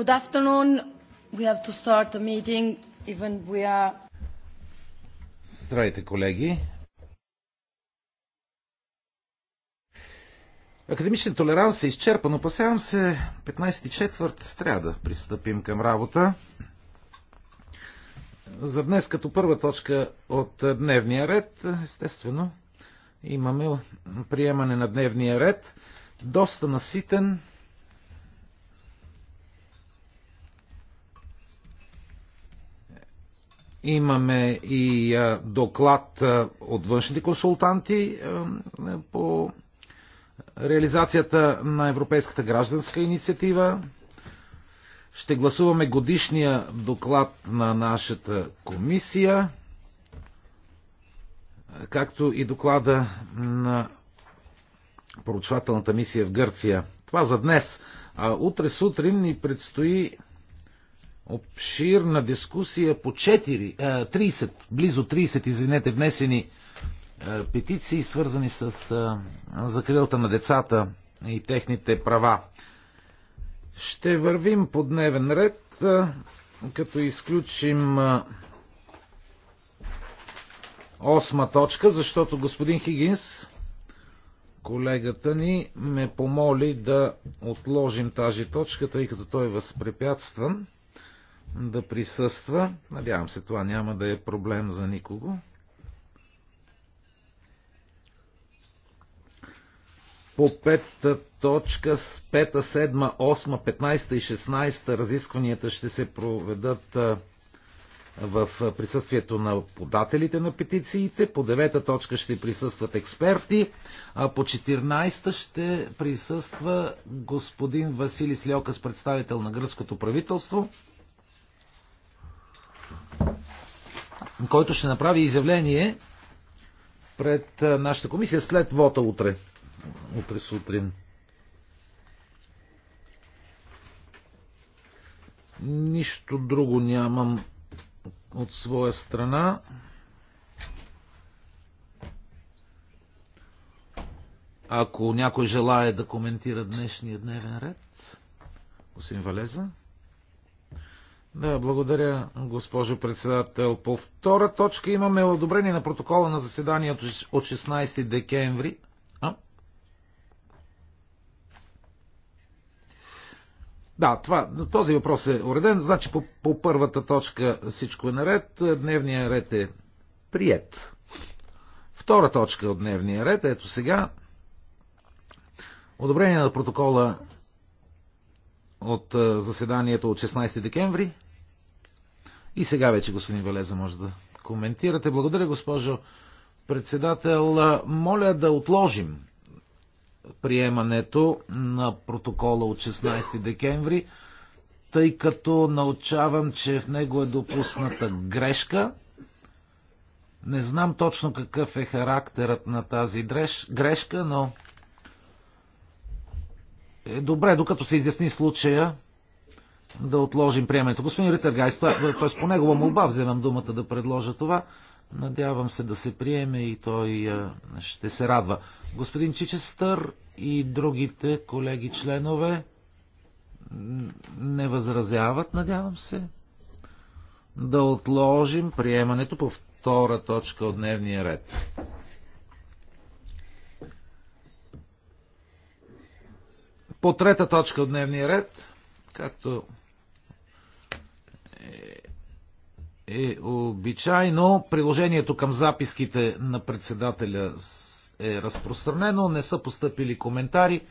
Good afternoon. We have to start the meeting, even we are... Здравейте, колеги. Академичен толеранс е изчерпан. Опасявам се, 15 четвърт трябва да пристъпим към работа. За днес като първа точка от дневния ред, естествено, имаме приемане на дневния ред. Доста наситен, Имаме и доклад от външните консултанти по реализацията на Европейската гражданска инициатива. Ще гласуваме годишния доклад на нашата комисия, както и доклада на поручвателната мисия в Гърция. Това за днес. А утре сутрин ни предстои обширна дискусия по 4, 30, близо 30, извинете, внесени петиции, свързани с закрилата на децата и техните права. Ще вървим по дневен ред, като изключим осма точка, защото господин Хигинс, колегата ни, ме помоли да отложим тази точка, тъй като той е възпрепятстван да присъства. Надявам се, това няма да е проблем за никого. По пета точка с пета, седма, осма, петнайста и шестнайста разискванията ще се проведат в присъствието на подателите на петициите. По девета точка ще присъстват експерти, а по 14 ще присъства господин Василис Льокас, представител на гръцкото правителство който ще направи изявление пред нашата комисия след вота утре. Утре сутрин. Нищо друго нямам от своя страна. Ако някой желая да коментира днешния дневен ред, господин Валеза. Да, благодаря, госпожо председател. По втора точка имаме одобрение на протокола на заседанието от 16 декември. А? Да, това, този въпрос е уреден. Значи по, по първата точка всичко е наред. Дневния ред е прият. Втора точка от дневния ред, ето сега. Одобрение на протокола от е, заседанието от 16 декември. И сега вече господин Велеза може да коментирате. Благодаря, госпожо председател. Моля да отложим приемането на протокола от 16 декември, тъй като научавам, че в него е допусната грешка. Не знам точно какъв е характерът на тази грешка, но е добре, докато се изясни случая, да отложим приемането. Господин Риттергайс, т.е. по негова молба вземам думата да предложа това. Надявам се да се приеме и той е, ще се радва. Господин Чичестър и другите колеги членове не възразяват, надявам се, да отложим приемането по втора точка от дневния ред. По трета точка от дневния ред, както е, е обичайно, приложението към записките на председателя е разпространено, не са поступили коментари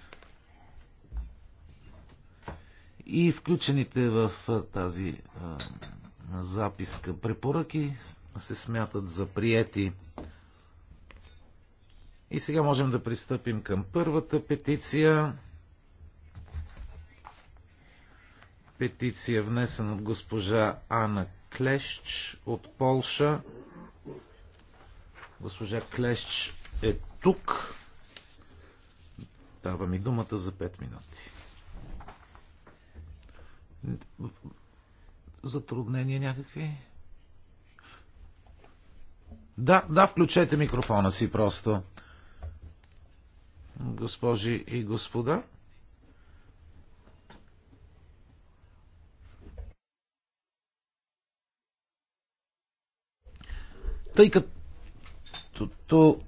и включените в тази записка препоръки се смятат за приети. И сега можем да пристъпим към първата петиция. петиция, внесен от госпожа Ана Клещ от Полша. Госпожа Клещ е тук. Дава ми думата за 5 минути. Затруднения някакви? Да, да, включете микрофона си просто. Госпожи и господа. Тъй като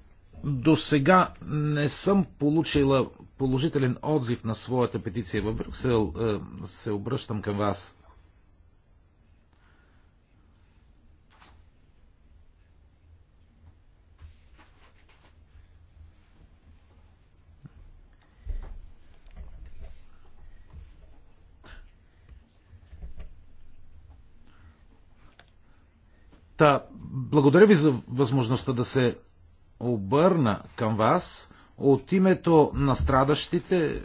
до сега не съм получила положителен отзив на своята петиция в Брюксел, е, се обръщам към вас. Та, благодаря ви за възможността да се обърна към вас от името на страдащите е, е,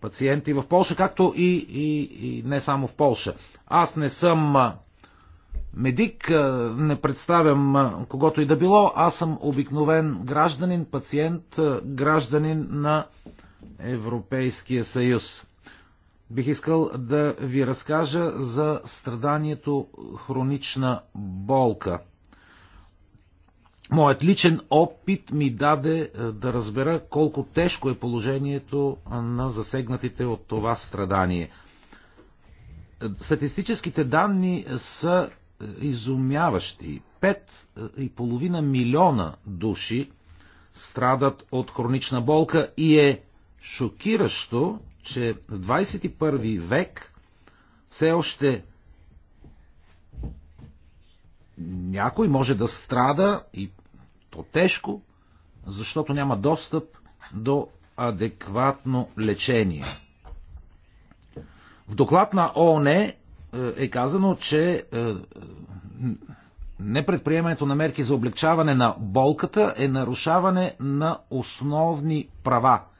пациенти в Польша, както и, и, и не само в Польша. Аз не съм е, медик, не представям когото и да било, аз съм обикновен гражданин, пациент, гражданин на Европейския съюз бих искал да ви разкажа за страданието хронична болка. Моят личен опит ми даде е, да разбера колко тежко е положението е, на засегнатите от това страдание. Статистическите данни са е, изумяващи. 5,5 милиона души страдат от хронична болка и е шокиращо, че в 21 век все още някой може да страда и то тежко, защото няма достъп до адекватно лечение. В доклад на ООН е, е казано, че е, непредприемането на мерки за облегчаване на болката е нарушаване на основни права –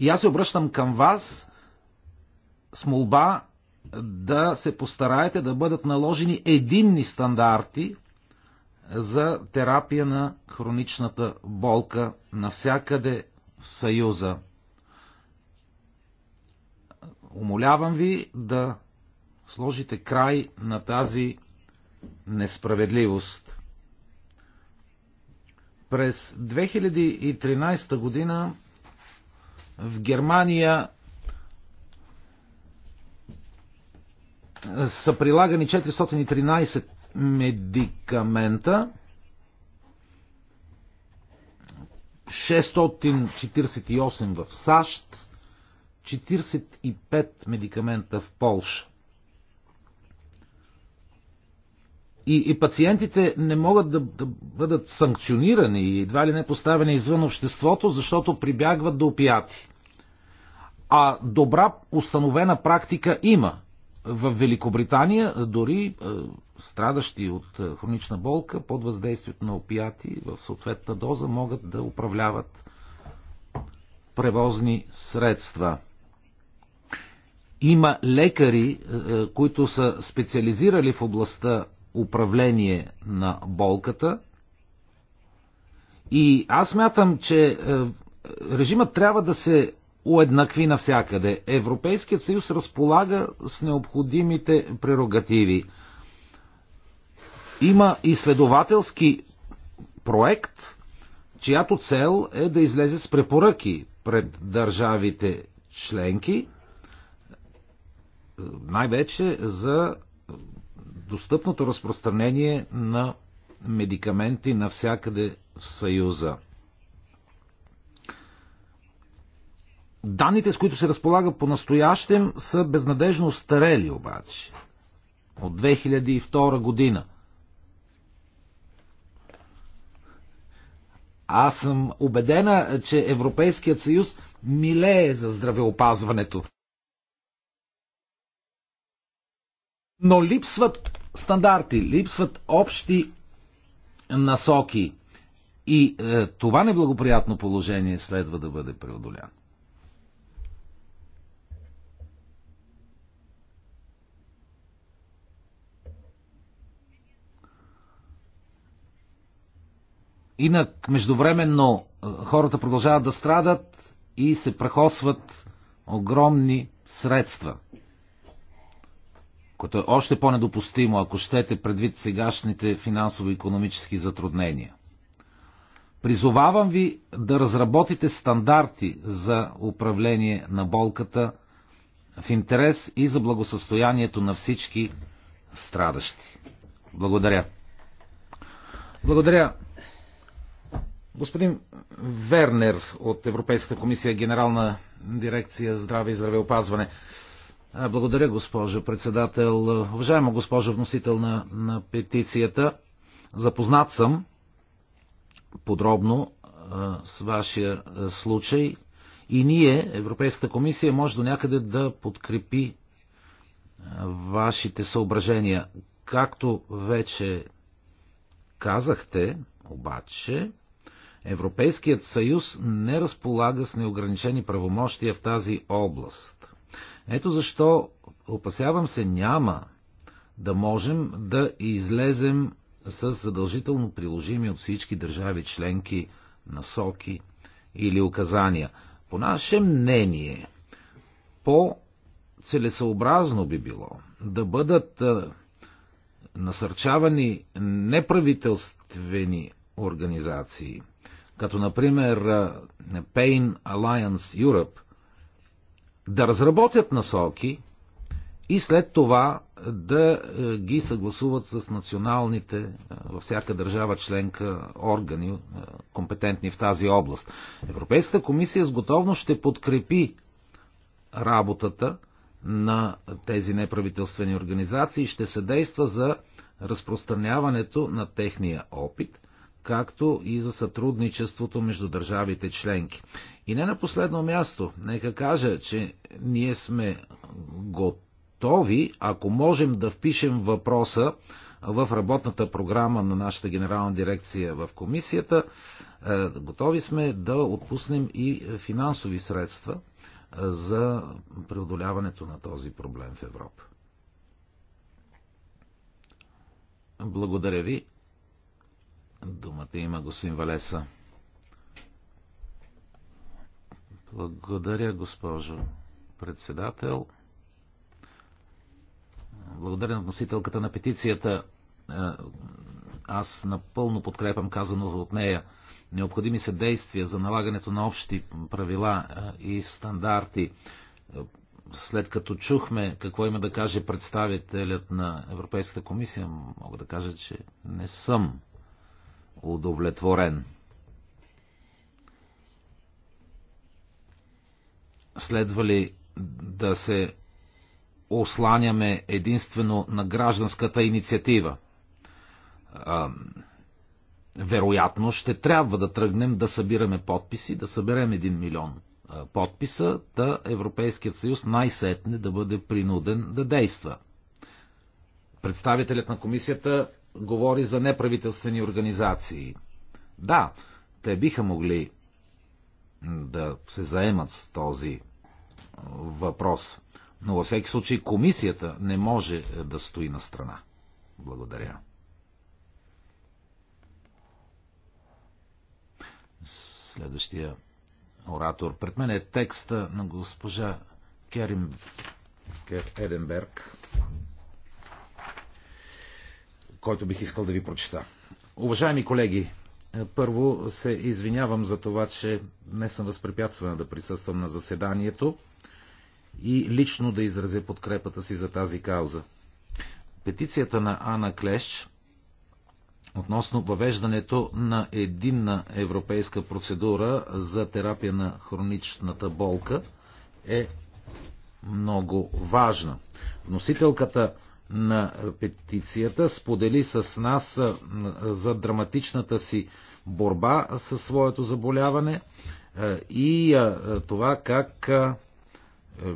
и аз се обръщам към вас с молба да се постараете да бъдат наложени единни стандарти за терапия на хроничната болка навсякъде в Съюза. Умолявам ви да сложите край на тази несправедливост. През 2013 година в Германия са прилагани 413 медикамента, 648 в САЩ, 45 медикамента в Полша. И, и пациентите не могат да, да бъдат санкционирани и едва ли не поставени извън обществото, защото прибягват до опияти. А добра установена практика има. В Великобритания дори е, страдащи от е, хронична болка под въздействието на опияти в съответна доза могат да управляват превозни средства. Има лекари, е, е, които са специализирали в областта управление на болката. И аз мятам, че е, режимът трябва да се уеднакви навсякъде. Европейският съюз разполага с необходимите прерогативи. Има изследователски проект, чиято цел е да излезе с препоръки пред държавите членки, е, най-вече за достъпното разпространение на медикаменти навсякъде в Съюза. Данните, с които се разполага по-настоящем, са безнадежно старели обаче. От 2002 година. Аз съм убедена, че Европейският съюз милее за здравеопазването. Но липсват стандарти, липсват общи насоки. И е, това неблагоприятно положение следва да бъде преодоляно. Инак, междувременно, е, хората продължават да страдат и се прахосват огромни средства – което е още по-недопустимо, ако щете, предвид сегашните финансово-економически затруднения. Призовавам ви да разработите стандарти за управление на болката в интерес и за благосъстоянието на всички страдащи. Благодаря. Благодаря. Господин Вернер от Европейската комисия, Генерална дирекция Здраве и здравеопазване. Благодаря, госпожо председател. Уважаема госпожо вносител на, на петицията, запознат съм подробно с вашия случай и ние, Европейската комисия, може до някъде да подкрепи вашите съображения. Както вече казахте, обаче, Европейският съюз не разполага с неограничени правомощия в тази област. Ето защо, опасявам се, няма да можем да излезем с задължително приложими от всички държави членки насоки или указания. По наше мнение, по целесообразно би било да бъдат насърчавани неправителствени организации, като например Pain Alliance Europe – да разработят насоки и след това да е, ги съгласуват с националните е, във всяка държава членка органи, е, компетентни в тази област. Европейската комисия с готовност ще подкрепи работата на тези неправителствени организации и ще се действа за разпространяването на техния опит – както и за сътрудничеството между държавите членки. И не на последно място, нека кажа, че ние сме готови, ако можем да впишем въпроса в работната програма на нашата генерална дирекция в комисията, е, готови сме да отпуснем и финансови средства е, за преодоляването на този проблем в Европа. Благодаря ви. Думата има господин Валеса. Благодаря, госпожо председател. Благодаря на вносителката на петицията. Е, аз напълно подкрепям казано от нея. Необходими са действия за налагането на общи правила е, и стандарти. След като чухме какво има да каже представителят на Европейската комисия, мога да кажа, че не съм удовлетворен. Следва ли да се осланяме единствено на гражданската инициатива? А, вероятно ще трябва да тръгнем да събираме подписи, да съберем 1 милион подписа, да Европейският съюз най-сетне да бъде принуден да действа. Представителят на комисията говори за неправителствени организации. Да, те биха могли да се заемат с този въпрос, но във всеки случай комисията не може е, да стои на страна. Благодаря. Следващия оратор. Пред мен е текста на госпожа Керим Кер Еденберг който бих искал да ви прочета. Уважаеми колеги, първо се извинявам за това, че не съм възпрепятствана да присъствам на заседанието и лично да изразя подкрепата си за тази кауза. Петицията на Ана Клещ относно въвеждането на единна европейска процедура за терапия на хроничната болка е много важна. Вносителката на петицията сподели с нас за драматичната си борба със своето заболяване и това как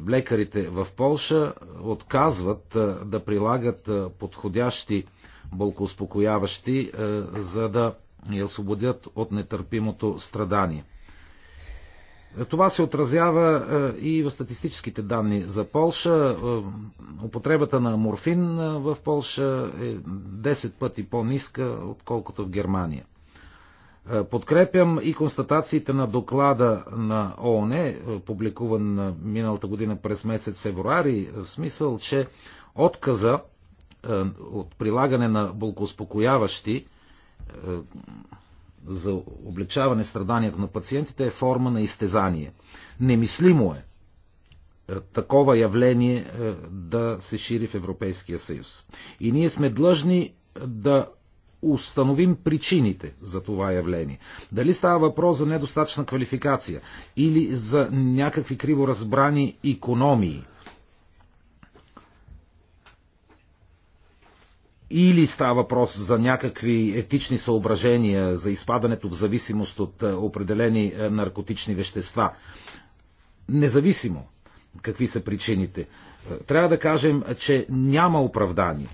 лекарите в Полша отказват да прилагат подходящи болкоуспокояващи, за да я освободят от нетърпимото страдание. Това се отразява е, и в статистическите данни за Полша. Е, употребата на морфин е, в Полша е 10 пъти по-ниска, отколкото в Германия. Подкрепям и констатациите на доклада на ООН, публикуван миналата година през месец февруари, в смисъл, че отказа от прилагане на болкоспокояващи за облегчаване страданията на пациентите е форма на изтезание. Немислимо е, е такова явление е, да се шири в Европейския съюз. И ние сме длъжни е, да установим причините за това явление. Дали става въпрос за недостатъчна квалификация или за някакви криворазбрани економии – или става въпрос за някакви етични съображения, за изпадането в зависимост от е, определени е, наркотични вещества. Независимо какви са причините, е, трябва да кажем, че няма оправдание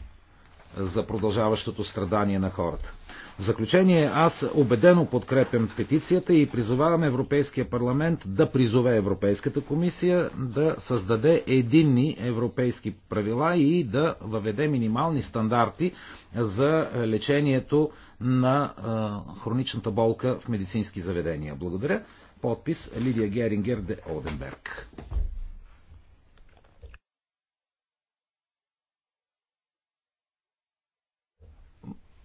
за продължаващото страдание на хората. В заключение, аз убедено подкрепям петицията и призовавам Европейския парламент да призове Европейската комисия да създаде единни европейски правила и да въведе минимални стандарти за лечението на хроничната болка в медицински заведения. Благодаря. Подпис Лидия Герингер де Оденберг.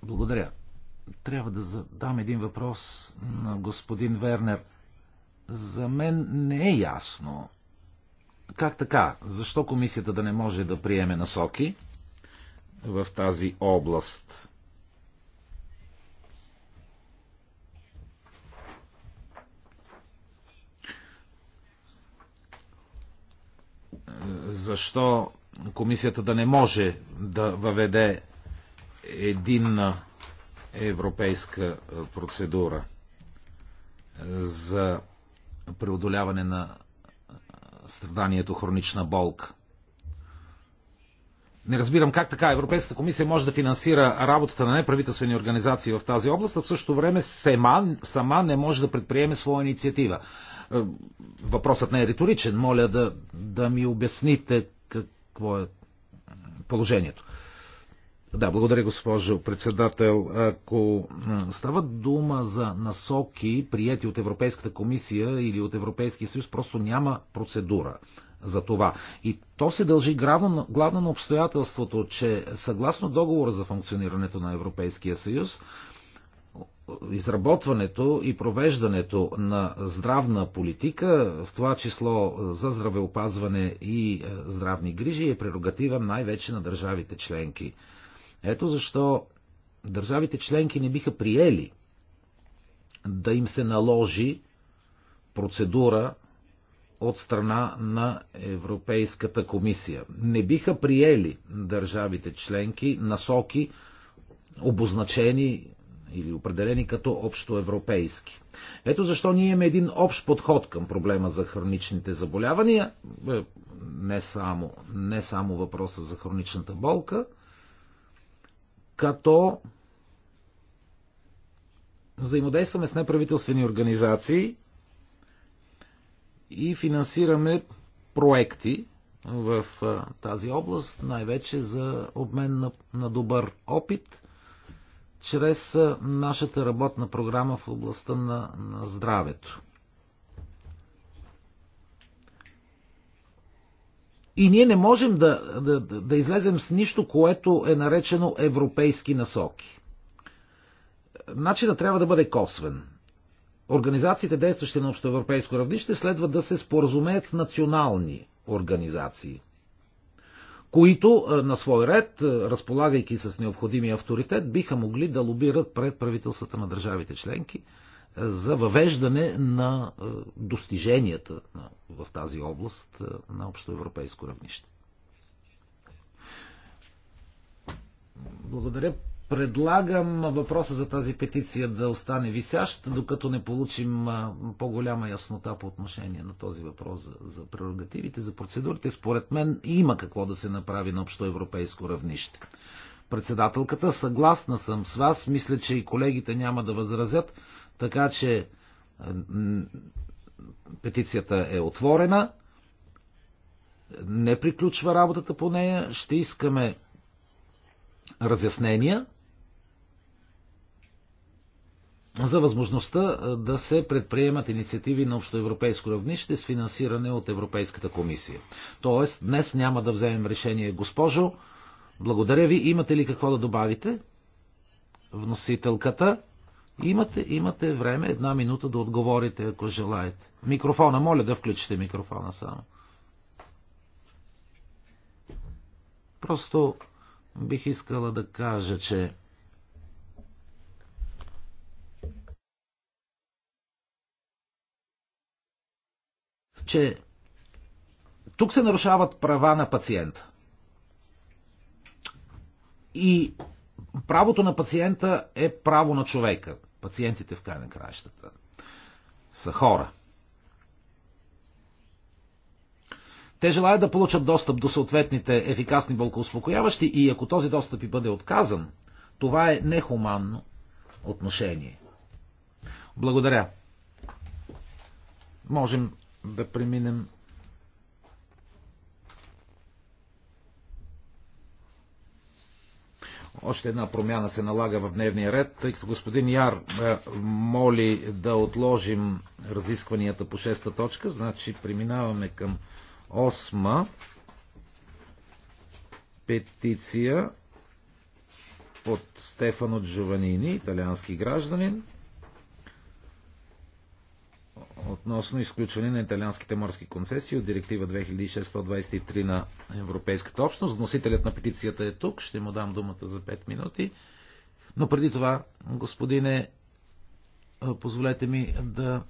Благодаря трябва да задам един въпрос на господин Вернер. За мен не е ясно как така, защо комисията да не може да приеме насоки в тази област. Защо комисията да не може да въведе един европейска процедура за преодоляване на страданието хронична болка. Не разбирам как така Европейската комисия може да финансира работата на неправителствени организации в тази област, а в същото време сама, сама не може да предприеме своя инициатива. Въпросът не е риторичен. Моля да, да ми обясните какво е положението. Да, благодаря, госпожо председател. Ако става дума за насоки, прияти от Европейската комисия или от Европейския съюз, просто няма процедура за това. И то се дължи главно, главно на обстоятелството, че съгласно договора за функционирането на Европейския съюз, изработването и провеждането на здравна политика, в това число за здравеопазване и здравни грижи, е прерогатива най-вече на държавите членки. Ето защо държавите членки не биха приели да им се наложи процедура от страна на Европейската комисия. Не биха приели държавите членки насоки, обозначени или определени като общоевропейски. Ето защо ние имаме един общ подход към проблема за хроничните заболявания, е, не само, не само въпроса за хроничната болка, като взаимодействаме с неправителствени организации и финансираме проекти в тази област, най-вече за обмен на, на добър опит, чрез нашата работна програма в областта на, на здравето. И ние не можем да, да, да излезем с нищо, което е наречено европейски насоки. Начинът трябва да бъде косвен. Организациите, действащи на общоевропейско равнище, следва да се споразумеят с национални организации, които е, на свой ред, е, разполагайки с необходимия авторитет, биха могли да лобират пред правителствата на държавите членки – за въвеждане на е, достиженията в тази област е, на общоевропейско равнище. Благодаря. Предлагам въпроса за тази петиция да остане висящ, докато не получим е, по-голяма яснота по отношение на този въпрос за, за прерогативите, за процедурите. Според мен има какво да се направи на общо европейско равнище. Председателката, съгласна съм с вас, мисля, че и колегите няма да възразят. Така че е, петицията е отворена, не приключва работата по нея, ще искаме разяснения за възможността е, да се предприемат инициативи на общоевропейско равнище с финансиране от Европейската комисия. Тоест, днес няма да вземем решение. Госпожо, благодаря ви. Имате ли какво да добавите? Вносителката. Имате, имате време, една минута да отговорите, ако желаете. Микрофона, моля да включите микрофона само. Просто бих искала да кажа, че че тук се нарушават права на пациента. И правото на пациента е право на човека. Пациентите в край на краищата са хора. Те желаят да получат достъп до съответните ефикасни болкоуспокояващи и ако този достъп и бъде отказан, това е нехуманно отношение. Благодаря. Можем да преминем Още една промяна се налага в дневния ред, тъй като господин Яр е, моли да отложим разискванията по шеста точка, значи преминаваме към осма петиция от Стефано Джованини, италиански гражданин, относно изключване на италианските морски концесии от директива 2623 на Европейската общност. Вносителят на петицията е тук. Ще му дам думата за 5 минути. Но преди това, господине, позволете ми да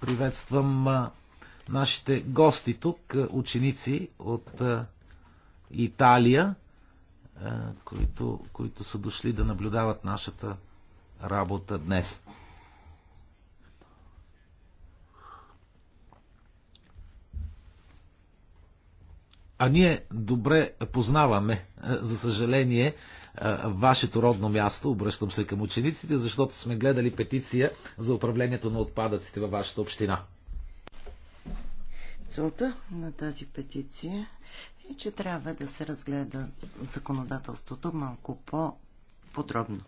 приветствам нашите гости тук, ученици от Италия, които, които са дошли да наблюдават нашата работа днес. А ние добре познаваме, е, за съжаление, е, вашето родно място, обръщам се към учениците, защото сме гледали петиция за управлението на отпадъците във вашата община. Целта на тази петиция е, че трябва да се разгледа законодателството малко по-подробно.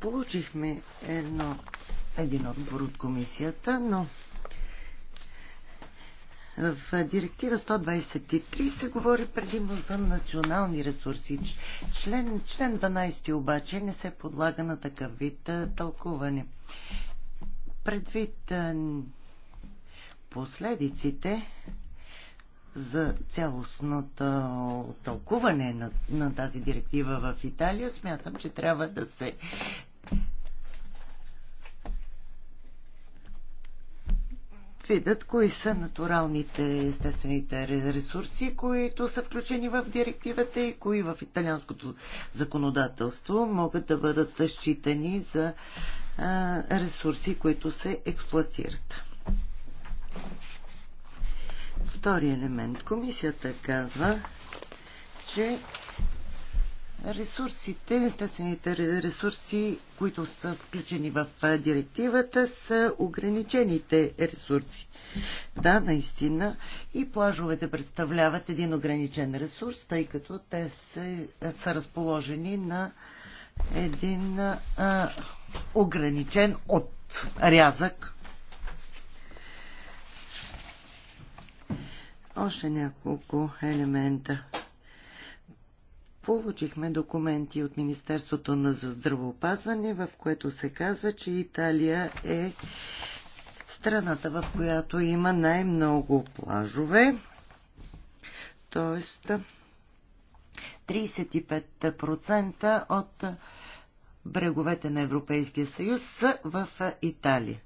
Получихме едно, един отбор от комисията, но в директива 123 се говори предимно за национални ресурси. Член, член 12 обаче не се подлага на такъв вид тълкуване. Предвид последиците за цялостното тълкуване на, на тази директива в Италия, смятам, че трябва да се видят кои са натуралните естествените ресурси, които са включени в директивата и кои в италианското законодателство могат да бъдат считани за ресурси, които се експлуатират. Втори елемент. Комисията казва, че Ресурсите, естествените ресурси, които са включени в директивата, са ограничените ресурси. Да, наистина. И плажовете представляват един ограничен ресурс, тъй като те са, са разположени на един а, ограничен отрязък. Още няколко елемента. Получихме документи от Министерството на здравоопазване, в което се казва, че Италия е страната, в която има най-много плажове. Тоест 35% от бреговете на Европейския съюз са в Италия.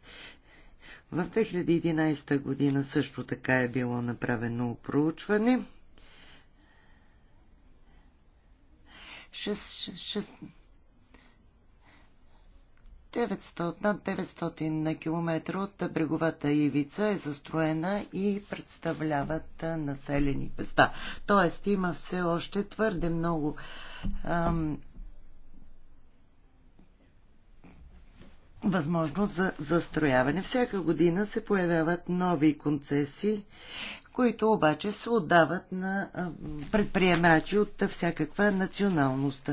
В 2011 година също така е било направено проучване. 900, над 900 на километра от бреговата ивица е застроена и представляват населени места. Тоест има все още твърде много ам, възможност за застрояване. Всяка година се появяват нови концесии, които обаче се отдават на предприемачи от всякаква националност.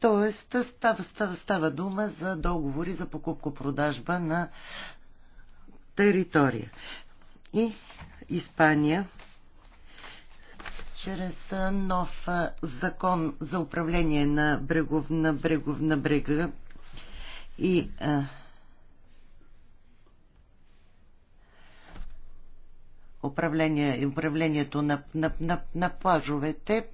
Тоест става, става, става дума за договори за покупко-продажба на територия. И Испания чрез нов закон за управление на, брегов, на, брегов, на брега и а, управление, управлението на, на, на, на плажовете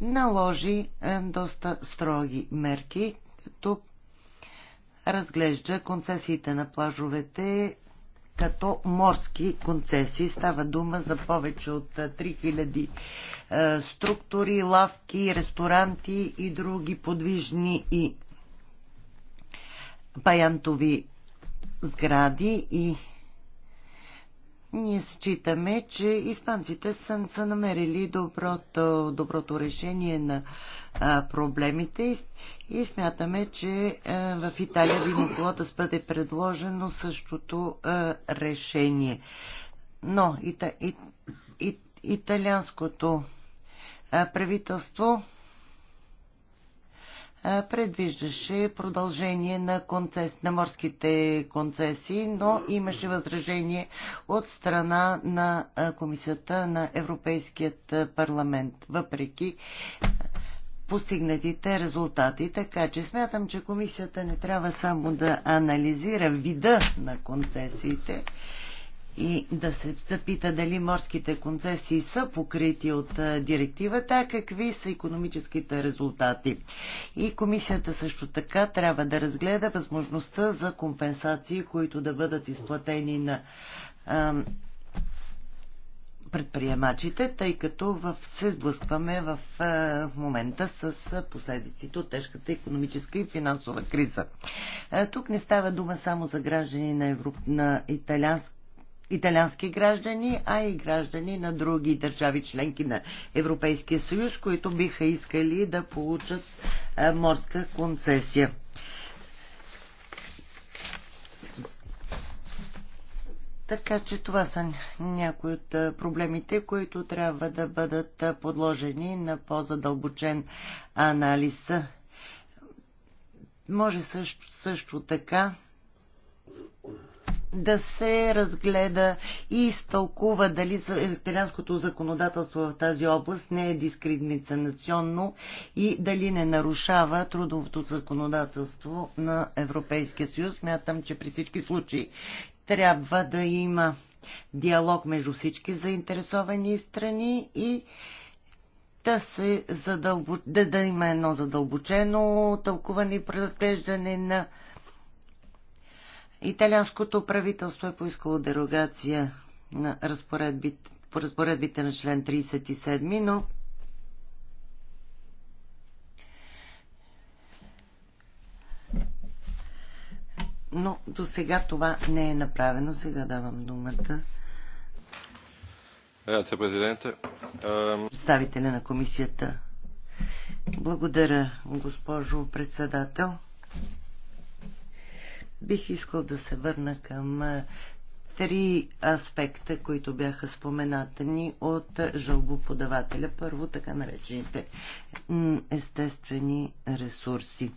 наложи е, доста строги мерки, като разглежда концесиите на плажовете като морски концесии. Става дума за повече от 3000 е, е, структури, лавки, ресторанти и други подвижни и паянтови сгради и ние считаме, че испанците са, са намерили доброто, доброто решение на а, проблемите и, и смятаме, че а, в Италия би могло да бъде предложено същото а, решение. Но ита, и, и, италианското а, правителство предвиждаше продължение на, концес, на морските концесии, но имаше възражение от страна на Комисията на Европейският парламент, въпреки постигнатите резултати. Така че смятам, че комисията не трябва само да анализира вида на концесиите, и да се запита дали морските концесии са покрити от директивата, а какви са економическите резултати. И комисията също така трябва да разгледа възможността за компенсации, които да бъдат изплатени на предприемачите, тъй като в, се сблъскваме в, в момента с последиците от тежката економическа и финансова криза. Тук не става дума само за граждани на, Европ... на италианск италиански граждани, а и граждани на други държави членки на Европейския съюз, които биха искали да получат морска концесия. Така че това са някои от проблемите, които трябва да бъдат подложени на по-задълбочен анализ. Може също, също така да се разгледа и изтълкува дали италианското законодателство в тази област не е дискриминационно и дали не нарушава трудовото законодателство на Европейския съюз. Мятам, че при всички случаи трябва да има диалог между всички заинтересовани страни и да, се задълбо... да, да има едно задълбочено тълкуване и преразглеждане на Италианското правителство е поискало дерогация на разпоредбите, по разпоредбите на член 37, но но до сега това не е направено. Сега давам думата. Грация, президенте. Представителя на комисията. Благодаря, госпожо председател. Бих искал да се върна към три аспекта, които бяха споменатени от жалбоподавателя. Първо, така наречените естествени ресурси.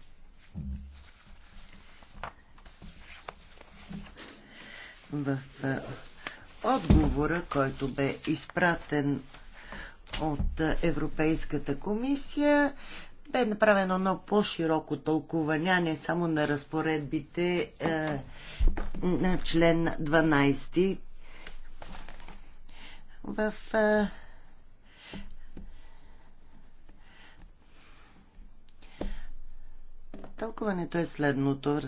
В отговора, който бе изпратен от Европейската комисия, бе направено едно по-широко тълкуване, не само на разпоредбите е, на член 12. В е, Тълкуването е следното.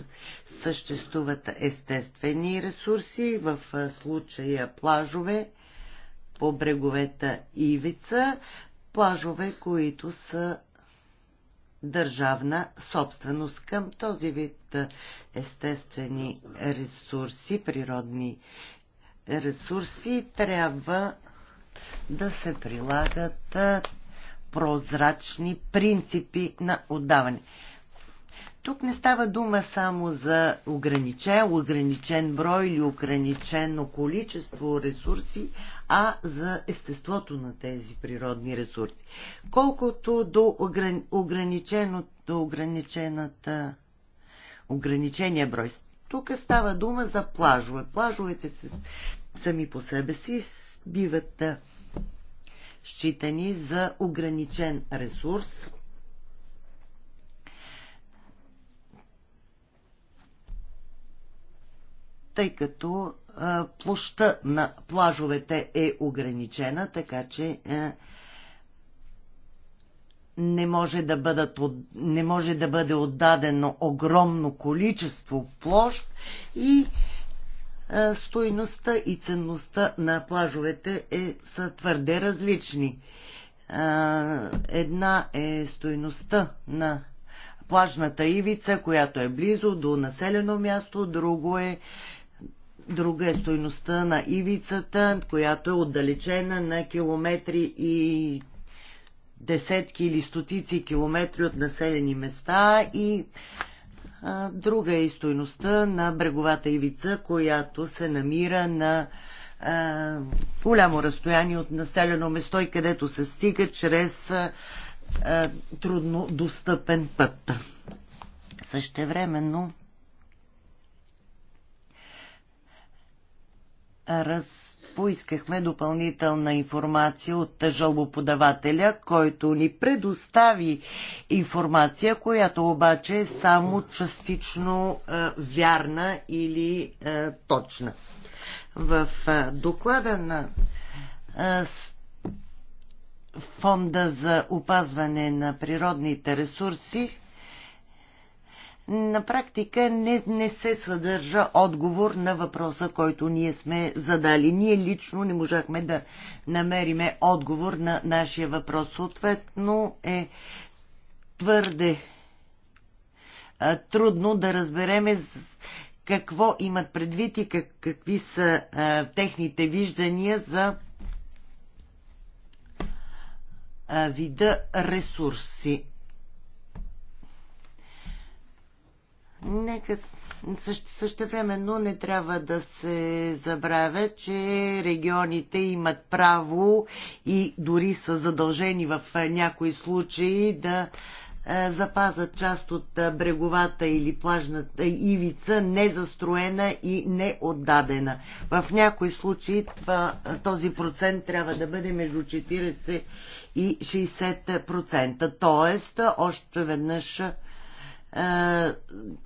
Съществуват естествени ресурси, в е, случая плажове по бреговете Ивица, плажове, които са държавна собственост към този вид естествени ресурси, природни ресурси, трябва да се прилагат прозрачни принципи на отдаване. Тук не става дума само за ограничен, ограничен брой или ограничено количество ресурси, а за естеството на тези природни ресурси. Колкото до ограниченото, ограничената, ограничения брой. Тук става дума за плажове. Плажовете се, сами по себе си биват считани за ограничен ресурс, тъй като площа на плажовете е ограничена, така че не може да, бъдат, не може да бъде отдадено огромно количество площ и стойността и ценността на плажовете е, са твърде различни. Една е стойността на плажната ивица, която е близо до населено място, друго е друга е стойността на ивицата, която е отдалечена на километри и десетки или стотици километри от населени места и а, друга е стойността на бреговата ивица, която се намира на а, голямо разстояние от населено место и където се стига чрез а, трудно достъпен път. Същевременно раз... поискахме допълнителна информация от жалбоподавателя, който ни предостави информация, която обаче е само частично е, вярна или е, точна. В е, доклада на е, Фонда за опазване на природните ресурси на практика не, не се съдържа отговор на въпроса, който ние сме задали. Ние лично не можахме да намериме отговор на нашия въпрос. Съответно е твърде а, трудно да разбереме какво имат предвид и как, какви са а, техните виждания за а, вида ресурси Нека същевременно не трябва да се забравя, че регионите имат право и дори са задължени в някои случаи да е, запазят част от бреговата или плажната ивица незастроена и неотдадена. В някои случаи това, този процент трябва да бъде между 40 и 60%. Тоест, още веднъж е,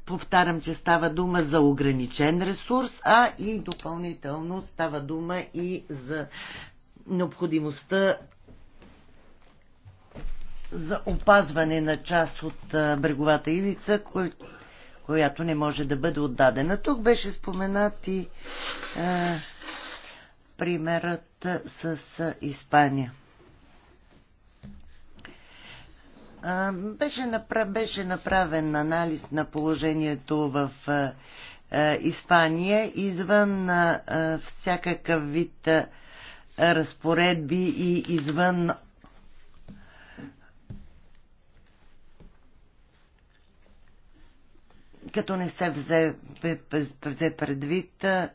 повтарям, че става дума за ограничен ресурс, а и допълнително става дума и за необходимостта за опазване на част от е, бреговата ивица, кой, която не може да бъде отдадена. Тук беше споменат и е, примерът с Испания. Беше, направ... беше направен анализ на положението в Испания извън всякакъв вид разпоредби и извън като не се взе, взе предвид е,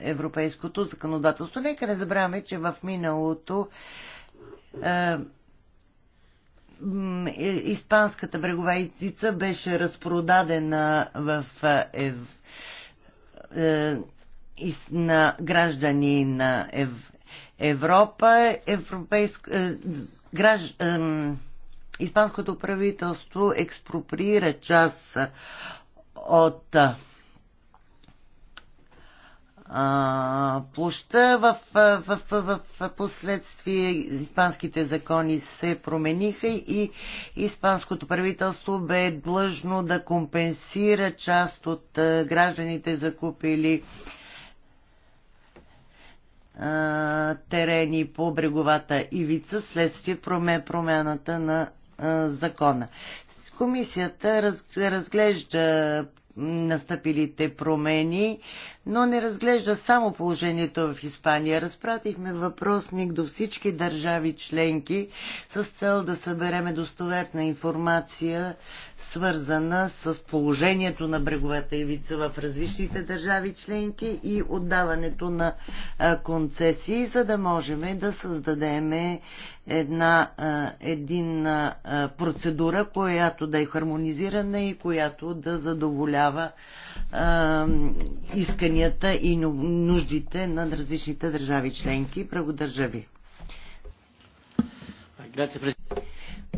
европейското законодателство. Нека не забравяме, че в миналото е, испанската брегова ивица беше разпродадена в Ев, е, е, е на граждани на Ев, Европа. Европейско, е, гражд, е, испанското правителство експроприира част от е, а, площа. В, в, в, в последствие испанските закони се промениха и испанското правителство бе длъжно да компенсира част от гражданите закупили а, терени по бреговата ивица следствие промяната на а, закона. Комисията разглежда настъпилите промени, но не разглежда само положението в Испания. Разпратихме въпросник до всички държави членки с цел да събереме достоверна информация свързана с положението на бреговата ивица в различните държави членки и отдаването на концесии, за да можем да създадем е, една единна процедура, която да е хармонизирана и която да задоволява исканията и нуждите на различните държави членки. Благодаря ви.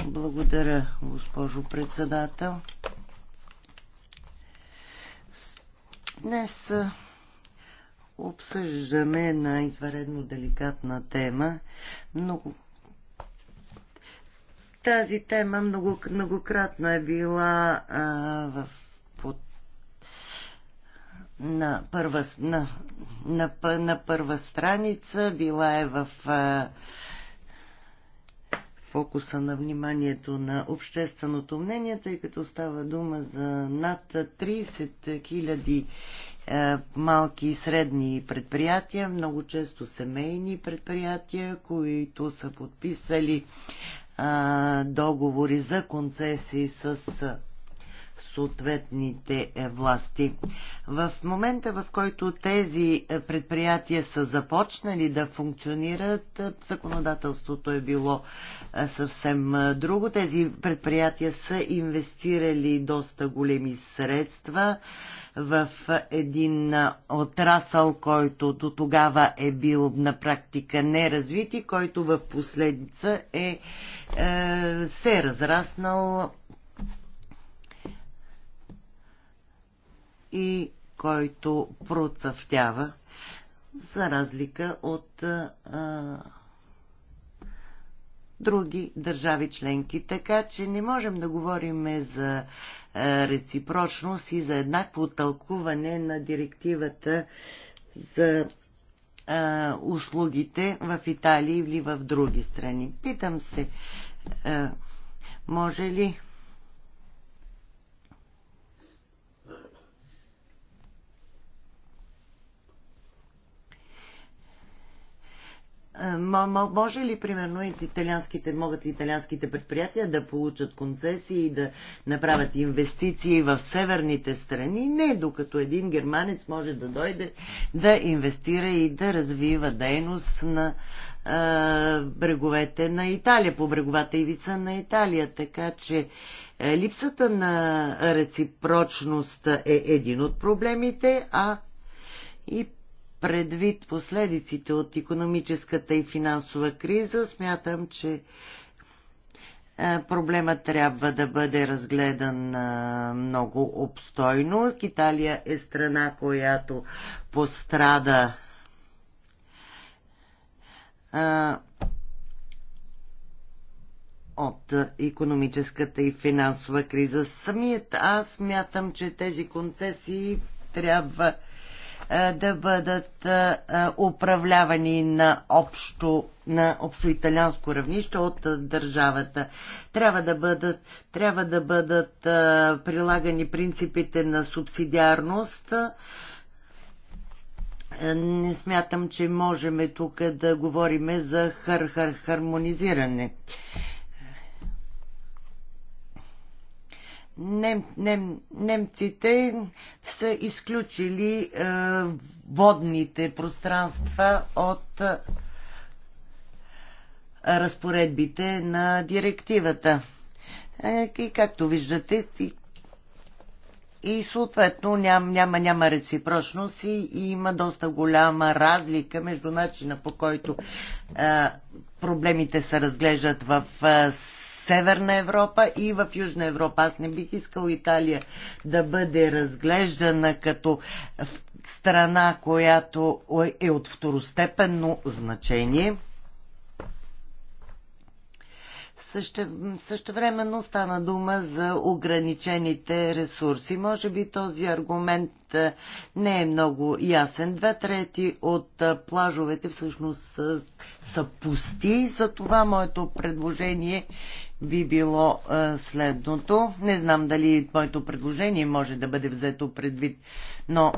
Благодаря, госпожо председател. Днес обсъждаме една изваредно деликатна тема. Много... Тази тема много, многократно е била а, в, под... на, първа, на, на, на първа страница, била е в а, фокуса на вниманието на общественото мнение, тъй като става дума за над 30 000 е, малки и средни предприятия, много често семейни предприятия, които са подписали е, договори за концесии с съответните е, власти. В момента, в който тези е, предприятия са започнали да функционират, е, законодателството е било съвсем друго. Тези предприятия са инвестирали доста големи средства в един отрасъл, който до тогава е бил на практика неразвит и който в последница е, е, се е разраснал и който процъфтява, за разлика от а, други държави членки. Така че не можем да говорим за а, реципрочност и за еднакво тълкуване на директивата за а, услугите в Италия или в други страни. Питам се, а, може ли Може ли, примерно, италианските, могат италианските предприятия да получат концесии и да направят инвестиции в северните страни? Не, докато един германец може да дойде да инвестира и да развива дейност на бреговете на Италия, по бреговата ивица на Италия. Така че е, липсата на реципрочност е един от проблемите, а и предвид последиците от економическата и финансова криза, смятам, че проблема трябва да бъде разгледан много обстойно. Италия е страна, която пострада от економическата и финансова криза. Самият аз мятам, че тези концесии трябва е, да бъдат е, е, управлявани на общо на общо италианско равнище от държавата. Трябва да бъдат, трябва да бъдат прилагани принципите на субсидиарност. Не смятам, че можем тук да говорим за хар- хар- хармонизиране. нем, нем, немците са изключили е, водните пространства от е, разпоредбите на директивата. Е, и както виждате, и, и съответно ням, няма, няма реципрочност и, и има доста голяма разлика между начина по който е, проблемите се разглеждат в е, Северна Европа и в Южна Европа. Аз не бих искал Италия да бъде разглеждана като страна, която е от второстепенно значение. Също, същевременно стана дума за ограничените ресурси. Може би този аргумент не е много ясен. Две трети от плажовете всъщност са, са пусти, затова моето предложение би било а, е, следното. Не знам дали твоето предложение може да бъде взето предвид, но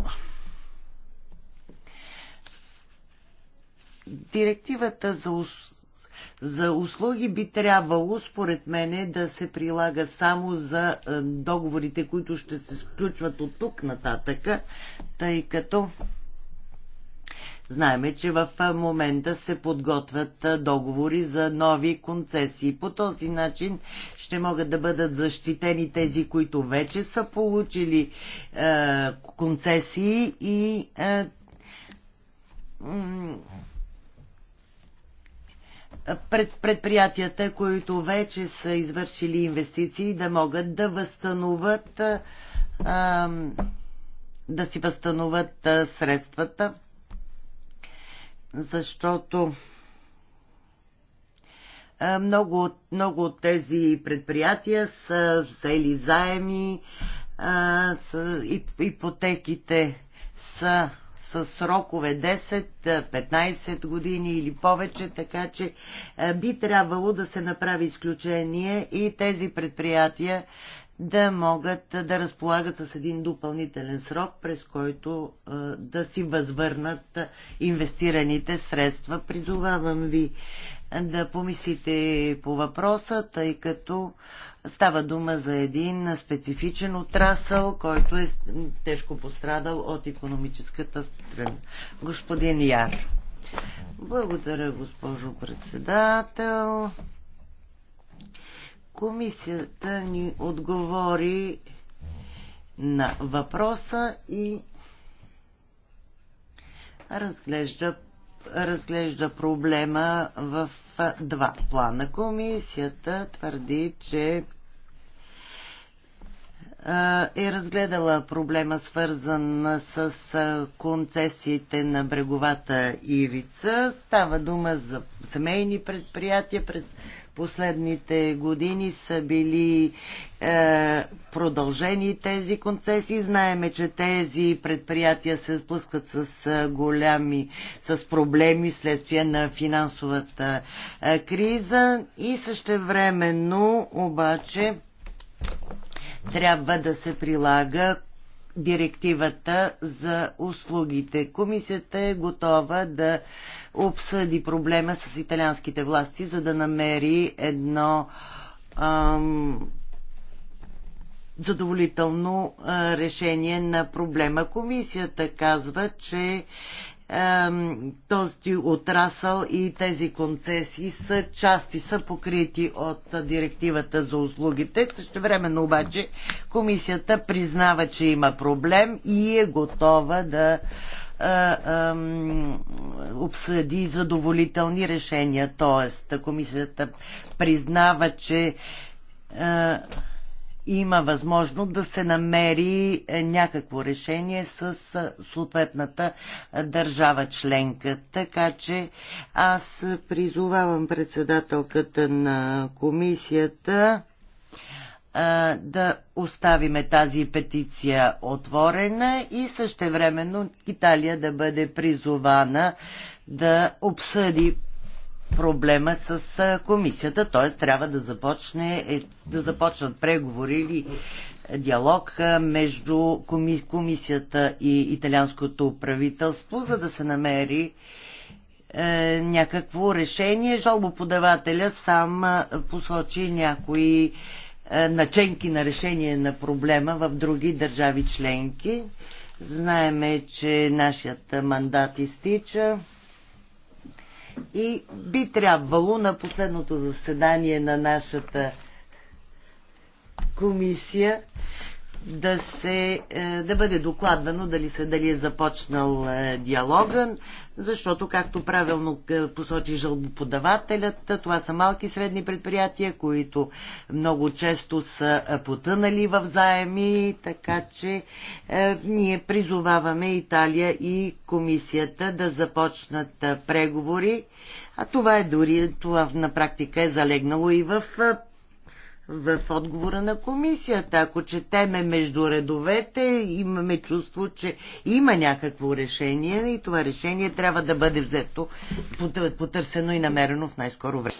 директивата за, ус... за услуги би трябвало, според мене, да се прилага само за е, договорите, които ще се сключват от тук нататъка, тъй като Знаеме, че в момента се подготвят договори за нови концесии. По този начин ще могат да бъдат защитени тези, които вече са получили е, концесии и е, предприятията, които вече са извършили инвестиции, да могат да възстановят да си възстановят средствата защото много от, много от тези предприятия са взели заеми, а, ипотеките са с срокове 10-15 години или повече, така че би трябвало да се направи изключение и тези предприятия да могат да разполагат с един допълнителен срок, през който да си възвърнат инвестираните средства. Призовавам ви да помислите по въпроса, тъй като става дума за един специфичен отрасъл, който е тежко пострадал от економическата страна. Господин Яр. Благодаря, госпожо председател. Комисията ни отговори на въпроса и разглежда, разглежда проблема в два плана. Комисията твърди, че е разгледала проблема свързан с концесиите на бреговата ивица. Става дума за семейни предприятия, през последните години са били е, продължени тези концесии. Знаеме, че тези предприятия се сблъскват с е, голями, с проблеми следствие на финансовата е, криза и същевременно обаче трябва да се прилага директивата за услугите. Комисията е готова да обсъди проблема с италианските власти, за да намери едно ам, задоволително а, решение на проблема. Комисията казва, че ам, този отрасъл и тези концесии са части, са покрити от директивата за услугите. Също времено обаче комисията признава, че има проблем и е готова да обсъди задоволителни решения. т.е. комисията признава, че има възможност да се намери е, някакво решение с съответната държава членка. Така че аз призовавам председателката на комисията да оставиме тази петиция отворена и същевременно Италия да бъде призована да обсъди проблема с комисията, т.е. трябва да, започне, е, да започнат преговори или диалог между комисията и италианското правителство, за да се намери е, някакво решение. Жалбоподавателя сам посочи някои е, наченки на решение на проблема в други държави членки. Знаеме, че нашият мандат изтича и би трябвало на последното заседание на нашата комисия да, се, е, да бъде докладвано дали, се, дали е започнал е, диалога, защото, както правилно е, посочи жалбоподавателят, това са малки и средни предприятия, които много често са потънали в заеми, така че ние призоваваме Италия и комисията да започнат преговори, а това е дори, това на практика е залегнало и в в отговора на комисията. Ако четеме между редовете, имаме чувство, че има някакво решение и това решение трябва да бъде взето, потърсено и намерено в най-скоро време.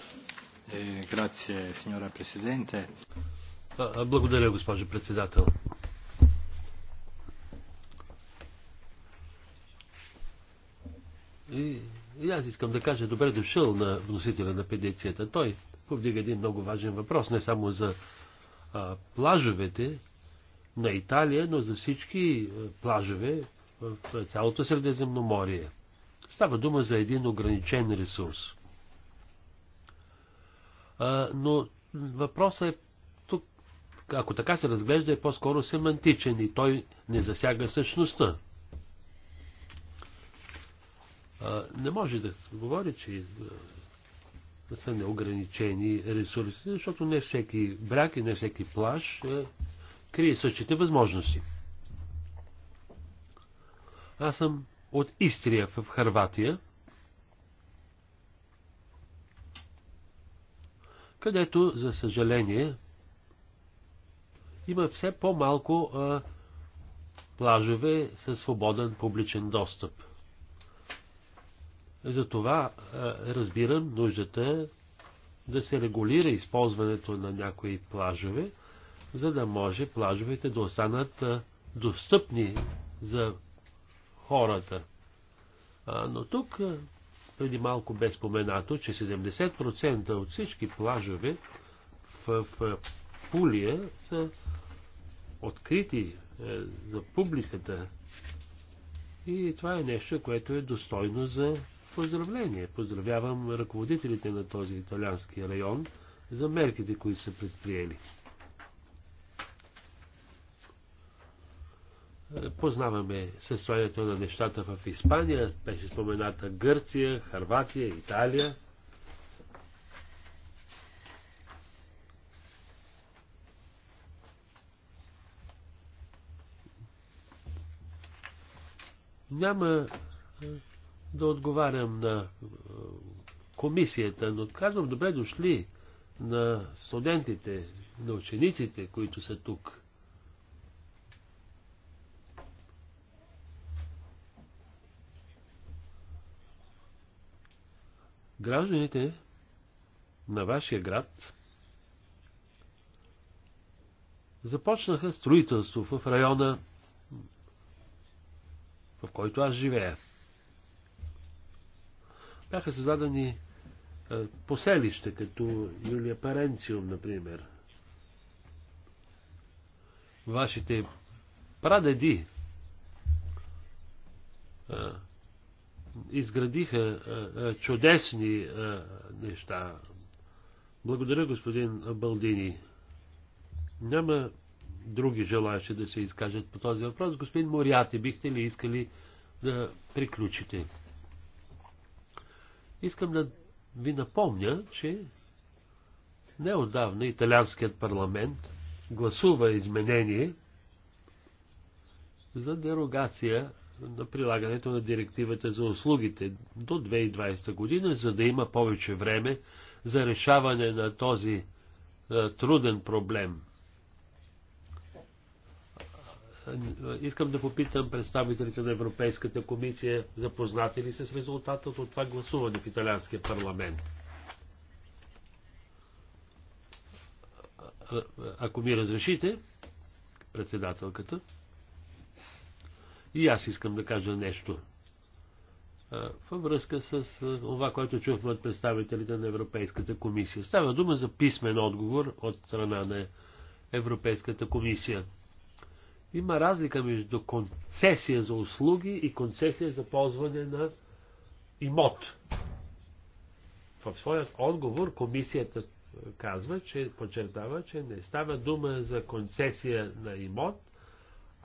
Е, грация, сеньора президенте. Благодаря, госпожо председател. И, и аз искам да кажа добре дошъл на вносителя на петицията. Той повдига един много важен въпрос, не само за а, плажовете на Италия, но за всички плажове в цялото Средиземноморие. Става дума за един ограничен ресурс. А, но въпросът е тук, ако така се разглежда, е по-скоро семантичен и той не засяга същността. А, не може да се говори, че са неограничени ресурси, защото не всеки брак и не всеки плаж е, крие същите възможности. Аз съм от Истрия в Харватия, където, за съжаление, има все по-малко плажове със свободен публичен достъп. Затова разбирам нуждата да се регулира използването на някои плажове, за да може плажовете да останат достъпни за хората. Но тук преди малко бе споменато, че 70% от всички плажове в, в Пулия са открити е, за публиката. И това е нещо, което е достойно за поздравление. Поздравявам ръководителите на този италиански район за мерките, които са предприели. Познаваме състоянието на нещата в Испания, беше спомената Гърция, Харватия, Италия. Няма да отговарям на комисията, но казвам добре дошли на студентите, на учениците, които са тук. Гражданите на вашия град започнаха строителство в района, в който аз живея. Бяха създадени е, поселища, като Юлия Паренциум, например. Вашите прадеди е, изградиха е, чудесни неща. Благодаря, господин Балдини. Няма други желаящи да се изкажат по този въпрос. Господин Моряти, бихте ли искали да приключите? Искам да ви напомня, че неодавна италианският парламент гласува изменение за дерогация на прилагането на директивата за услугите до 2020 година, за да има повече време за решаване на този труден проблем. Искам да попитам представителите на Европейската комисия, запознати ли се с резултата от това гласуване в италианския парламент? Ако ми разрешите, председателката, и аз искам да кажа нещо във връзка с това, което чухме от представителите на Европейската комисия. Става дума за писмен отговор от страна на Европейската комисия. Има разлика между концесия за услуги и концесия за ползване на имот. В своят отговор комисията казва, че подчертава, че не става дума за концесия на имот,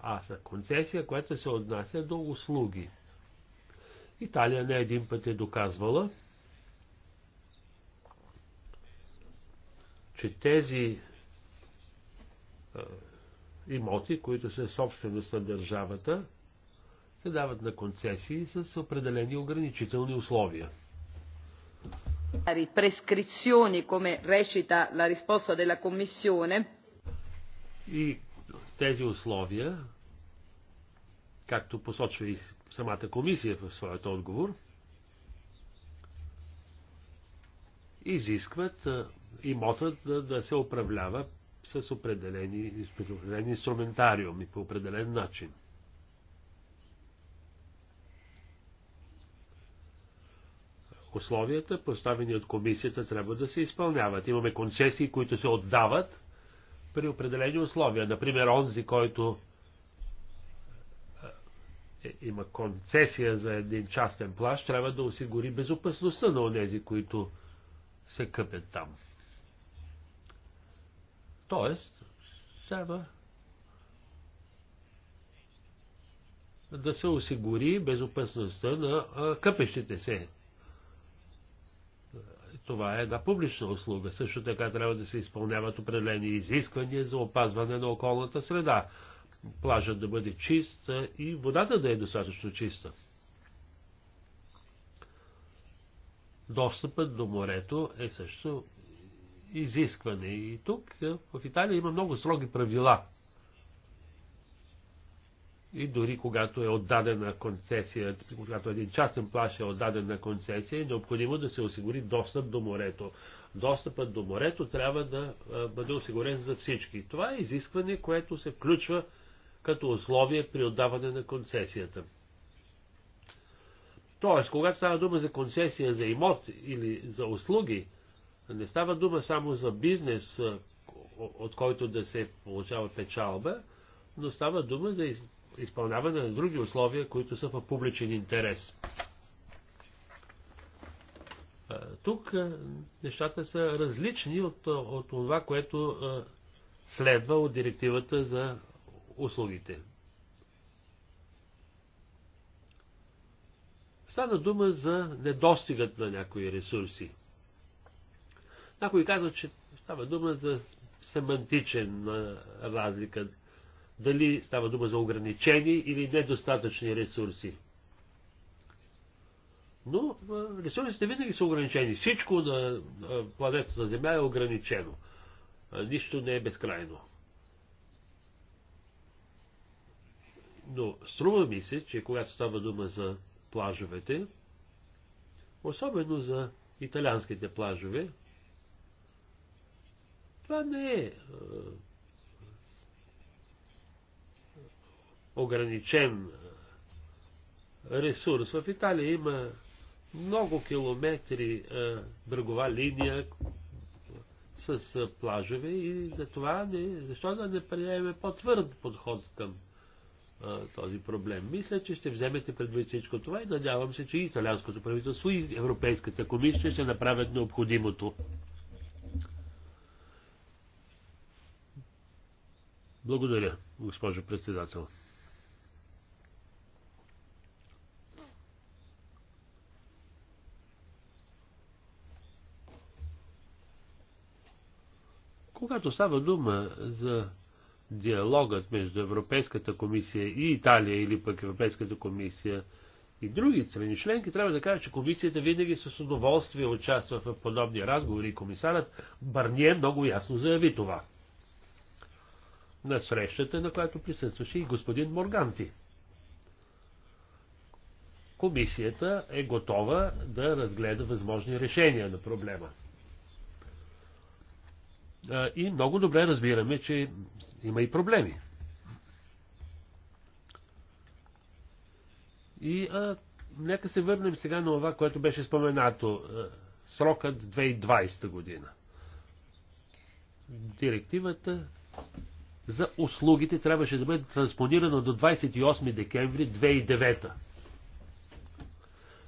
а за концесия, която се отнася до услуги. Италия не един път е доказвала, че тези имоти, които са собственост на държавата, се дават на концесии с определени ограничителни условия. Прескрипциони, come recita la risposta della Commissione. И тези условия, както посочва и самата комисия в своят отговор, изискват имотът да се управлява с определени, с определени инструментариуми по определен начин. Условията, поставени от комисията, трябва да се изпълняват. Имаме концесии, които се отдават при определени условия. Например, онзи, който е, има концесия за един частен плащ, трябва да осигури безопасността на онези, които се къпят там. Тоест, трябва да се осигури безопасността на къпещите се. Това е една публична услуга. Също така трябва да се изпълняват определени изисквания за опазване на околната среда. Плажът да бъде чист и водата да е достатъчно чиста. Достъпът до морето е също изискване. И тук е, в Италия има много строги правила. И дори когато е отдадена концесия, когато един частен плаш е отдаден на концесия, е необходимо да се осигури достъп до морето. Достъпът до морето трябва да е, бъде осигурен за всички. Това е изискване, което се включва като условие при отдаване на концесията. Тоест, когато става дума за концесия за имот или за услуги, не става дума само за бизнес, от който да се получава печалба, но става дума за изпълняване на други условия, които са в публичен интерес. Тук нещата са различни от, от това, което следва от директивата за услугите. Стана дума за недостигът на някои ресурси – някои казват, че става дума за семантичен разлика. Дали става дума за ограничени или недостатъчни ресурси. Но ресурсите винаги са ограничени. Всичко на планетата Земя е ограничено. Нищо не е безкрайно. Но струва ми се, че когато става дума за плажовете, особено за италианските плажове, това не е, е ограничен е, ресурс. В Италия има много километри е, брегова линия с плажове и затова не, защо да не приемем по-твърд подход към този проблем. Мисля, че ще вземете предвид всичко това и надявам се, че и Италянското правителство и Европейската комисия ще направят необходимото. Благодаря, госпожо председател. Когато става дума за диалогът между Европейската комисия и Италия или пък Европейската комисия и други страни членки, трябва да кажа, че комисията винаги с удоволствие участва в подобни разговори и комисарът Барние много ясно заяви това на срещата, на която присъстваше и господин Морганти. Комисията е готова да разгледа възможни решения на проблема. И много добре разбираме, че има и проблеми. И а, нека се върнем сега на това, което беше споменато. Срокът 2020 година. Директивата за услугите трябваше да бъде транспонирано до 28 декември 2009.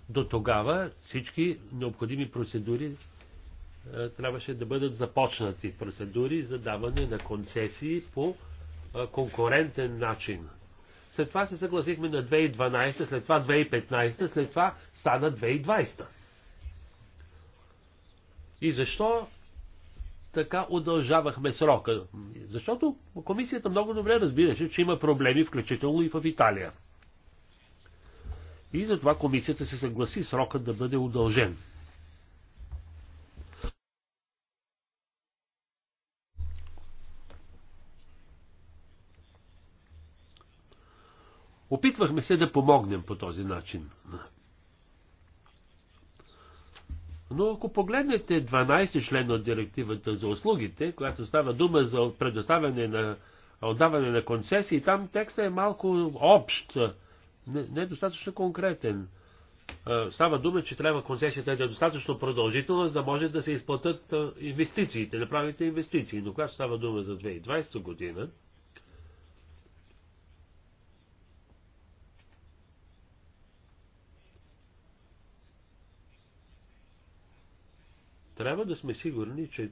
До тогава всички необходими процедури е, трябваше да бъдат започнати процедури за даване на концесии по е, конкурентен начин. След това се съгласихме на 2012, след това 2015, след това стана 2020. И защо така удължавахме срока. Защото комисията много добре разбираше, че има проблеми, включително и в Италия. И затова комисията се съгласи срокът да бъде удължен. Опитвахме се да помогнем по този начин. Но ако погледнете 12 член от директивата за услугите, която става дума за предоставяне на отдаване на концесии, там текстът е малко общ, не, е достатъчно конкретен. Става дума, че трябва концесията да е достатъчно продължителна, за да може да се изплатят инвестициите, да правите инвестиции. Но когато става дума за 2020 година, Трябва да сме сигурни, че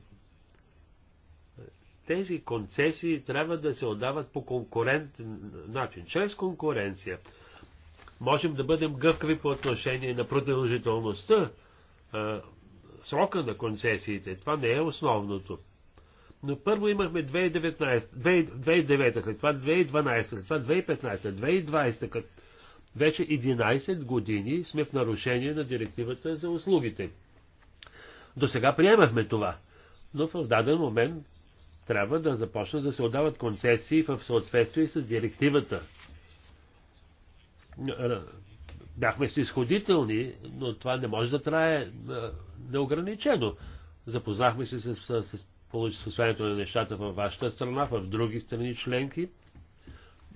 тези концесии трябва да се отдават по конкурентен начин, чрез конкуренция. Можем да бъдем гъвкави по отношение на продължителността, срока на концесиите. Това не е основното. Но първо имахме 2019, 2009, след това 2012, след това 2015, 2020, като вече 11 години сме в нарушение на директивата за услугите. До сега приемахме това, но в даден момент трябва да започнат да се отдават концесии в съответствие с директивата. Бяхме изходителни, но това не може да трае неограничено. Запознахме се с, с, с състоянието на нещата във вашата страна, в други страни членки.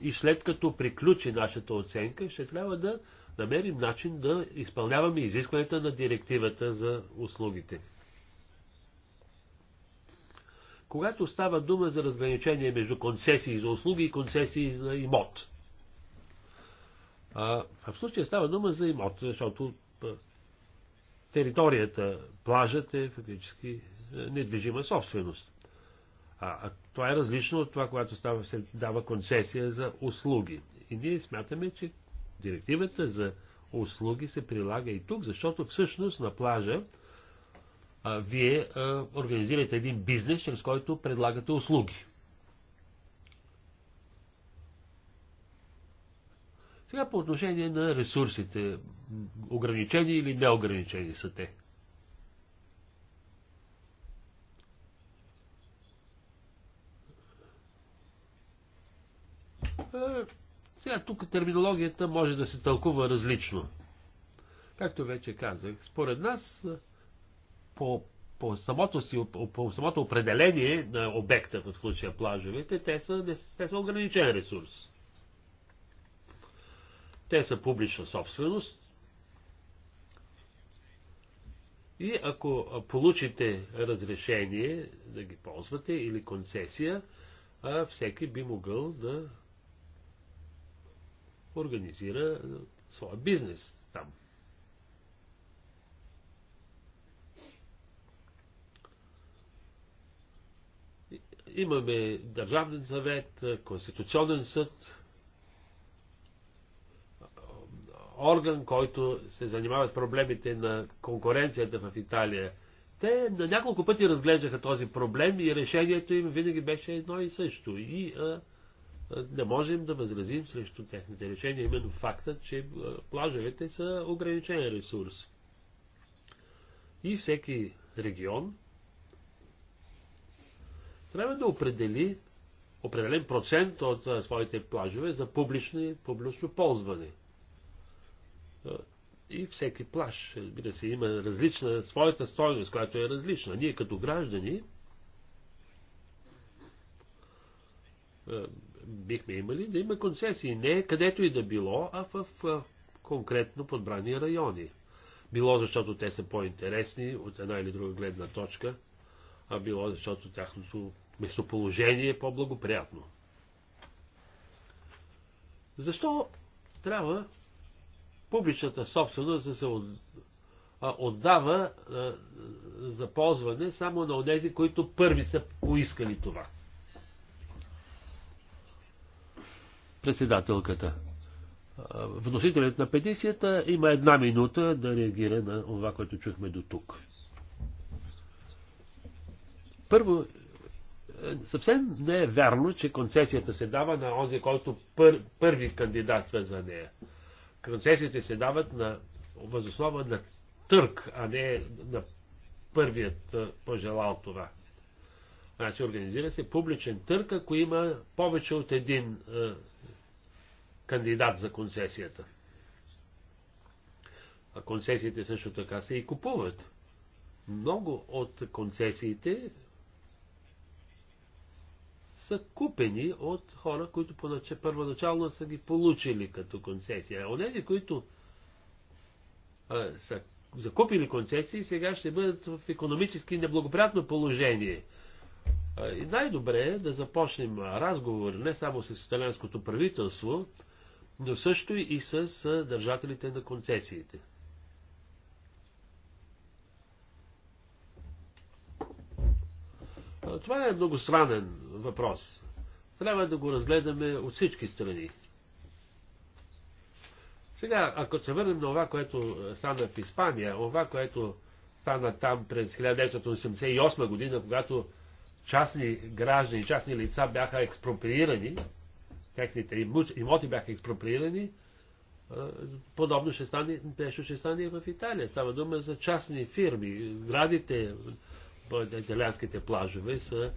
И след като приключи нашата оценка, ще трябва да намерим начин да изпълняваме изискванията на директивата за услугите. Когато става дума за разграничение между концесии за услуги и концесии за имот, а, в случая става дума за имот, защото територията, плажът е фактически е, недвижима собственост. А, а това е различно от това, когато става, се дава концесия за услуги. И ние смятаме, че директивата за услуги се прилага и тук, защото всъщност на плажа а, вие а, организирате един бизнес, чрез който предлагате услуги. Сега по отношение на ресурсите, ограничени или неограничени са те. Сега тук терминологията може да се тълкува различно. Както вече казах, според нас по, по, самото, си, по самото определение на обекта, в случая плажовете, те са, те са ограничен ресурс. Те са публична собственост. И ако получите разрешение да ги ползвате или концесия, всеки би могъл да организира е, своя бизнес там. Имаме Държавен съвет, е, Конституционен съд, е, орган, който се занимава с проблемите на конкуренцията в Италия. Те на няколко пъти разглеждаха този проблем и решението им винаги беше едно и също. И а, не можем да възразим срещу техните решения, именно факта, че плажовете са ограничен ресурс. И всеки регион трябва да определи определен процент от своите плажове за публично, публично ползване. И всеки плаж, разбира се, има различна своята стойност, която е различна. Ние като граждани бихме имали да има концесии. Не където и да било, а в, в конкретно подбрани райони. Било защото те са по-интересни от една или друга гледна точка, а било защото тяхното местоположение е по-благоприятно. Защо трябва публичната собственост да се отдава за ползване само на тези, които първи са поискали това? Председателката. Вносителят на петицията има една минута да реагира на това, което чухме до тук. Първо, е, съвсем не е вярно, че концесията се дава на онзи, който пър, първи кандидатства за нея. Концесиите се дават на възоснова на търк, а не на първият е, пожелал това. Значи организира се публичен търк, ако има повече от един е, кандидат за концесията. А концесиите също така се и купуват. Много от концесиите са купени от хора, които поначе, първоначално са ги получили като концесия. Онези, които а, са закупили концесии, сега ще бъдат в економически неблагоприятно положение. И най-добре е да започнем разговор не само с италианското правителство, но също и с държателите на концесиите. Това е много странен въпрос. Трябва да го разгледаме от всички страни. Сега, ако се върнем на това, което стана в Испания, това, което стана там през 1988 година, когато частни граждани, частни лица бяха експроприирани, техните имоти бяха експроприирани, подобно ще стане, нещо ще стане и в Италия. Става дума за частни фирми. Градите, италианските плажове са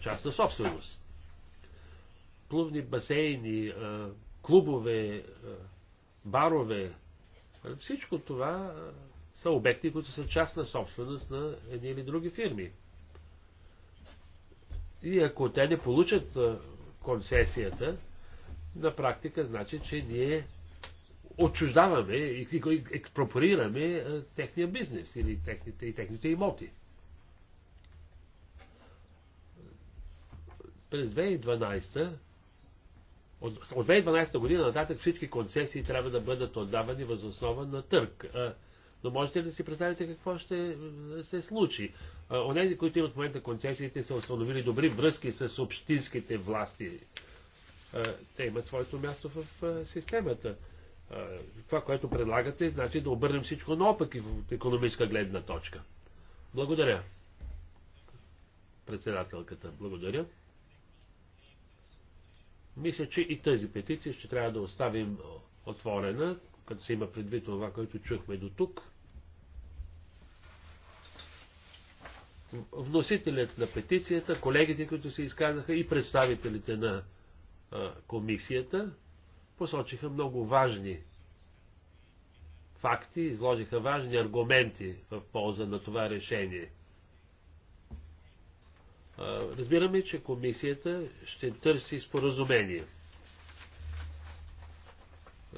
частна собственост. Плувни басейни, клубове, барове, всичко това са обекти, които са частна собственост на едни или други фирми. И ако те не получат концесията, на практика значи, че ние отчуждаваме и експропорираме техния бизнес или техните, и техните имоти. През 2012 от, от 2012 година нататък всички концесии трябва да бъдат отдавани възоснова на търг. Но можете ли да си представите какво ще се случи? Онези, които имат в момента концесиите, са установили добри връзки с общинските власти те имат своето място в системата. Това, което предлагате, значи да обърнем всичко наопаки в економическа гледна точка. Благодаря. Председателката, благодаря. Мисля, че и тази петиция ще трябва да оставим отворена, като се има предвид това, което чухме до тук. Вносителят на петицията, колегите, които се изказаха и представителите на комисията посочиха много важни факти, изложиха важни аргументи в полза на това решение. Разбираме, че комисията ще търси споразумение,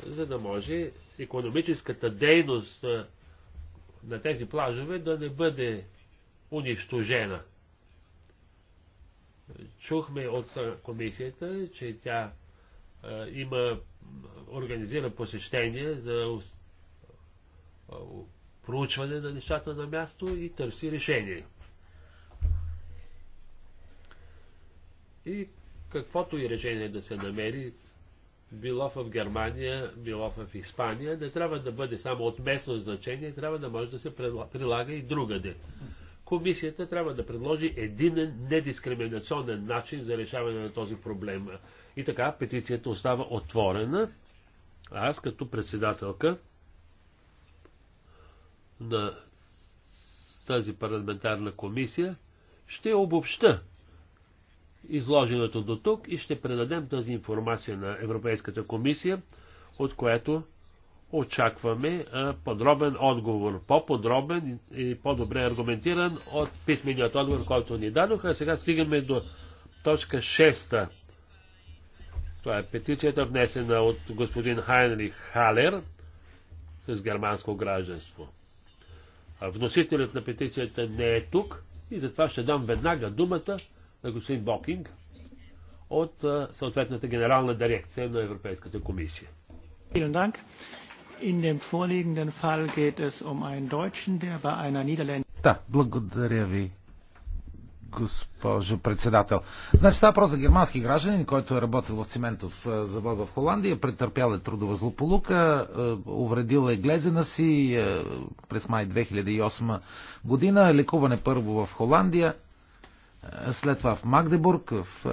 за да може економическата дейност на тези плажове да не бъде унищожена. Чухме от комисията, че тя е, има, организира посещение за е, проучване на нещата на място и търси решение. И каквото и решение да се намери, било в Германия, било в Испания, не трябва да бъде само от местно значение, трябва да може да се прилага и другаде комисията трябва да предложи един недискриминационен начин за решаване на този проблем. И така петицията остава отворена. Аз като председателка на тази парламентарна комисия ще обобща изложеното до тук и ще предадем тази информация на Европейската комисия, от което очакваме подробен отговор, по-подробен и по-добре аргументиран от писменият отговор, който ни дадоха. Сега стигаме до точка 6. Това е петицията внесена от господин Хайнрих Халер с германско гражданство. Вносителят на петицията не е тук и затова ще дам веднага думата на господин Бокинг от съответната генерална дирекция на Европейската комисия. In dem vorliegenden Fall geht es um einen Deutschen, der bei einer Niederländischen... благодаря ви, госпожо председател. Значи става въпрос за германски гражданин, който е работил в циментов завод в Холандия, претърпял е трудова злополука, увредил е глезена си през май 2008 година, лекуване първо в Холандия, след това в Магдебург, в е,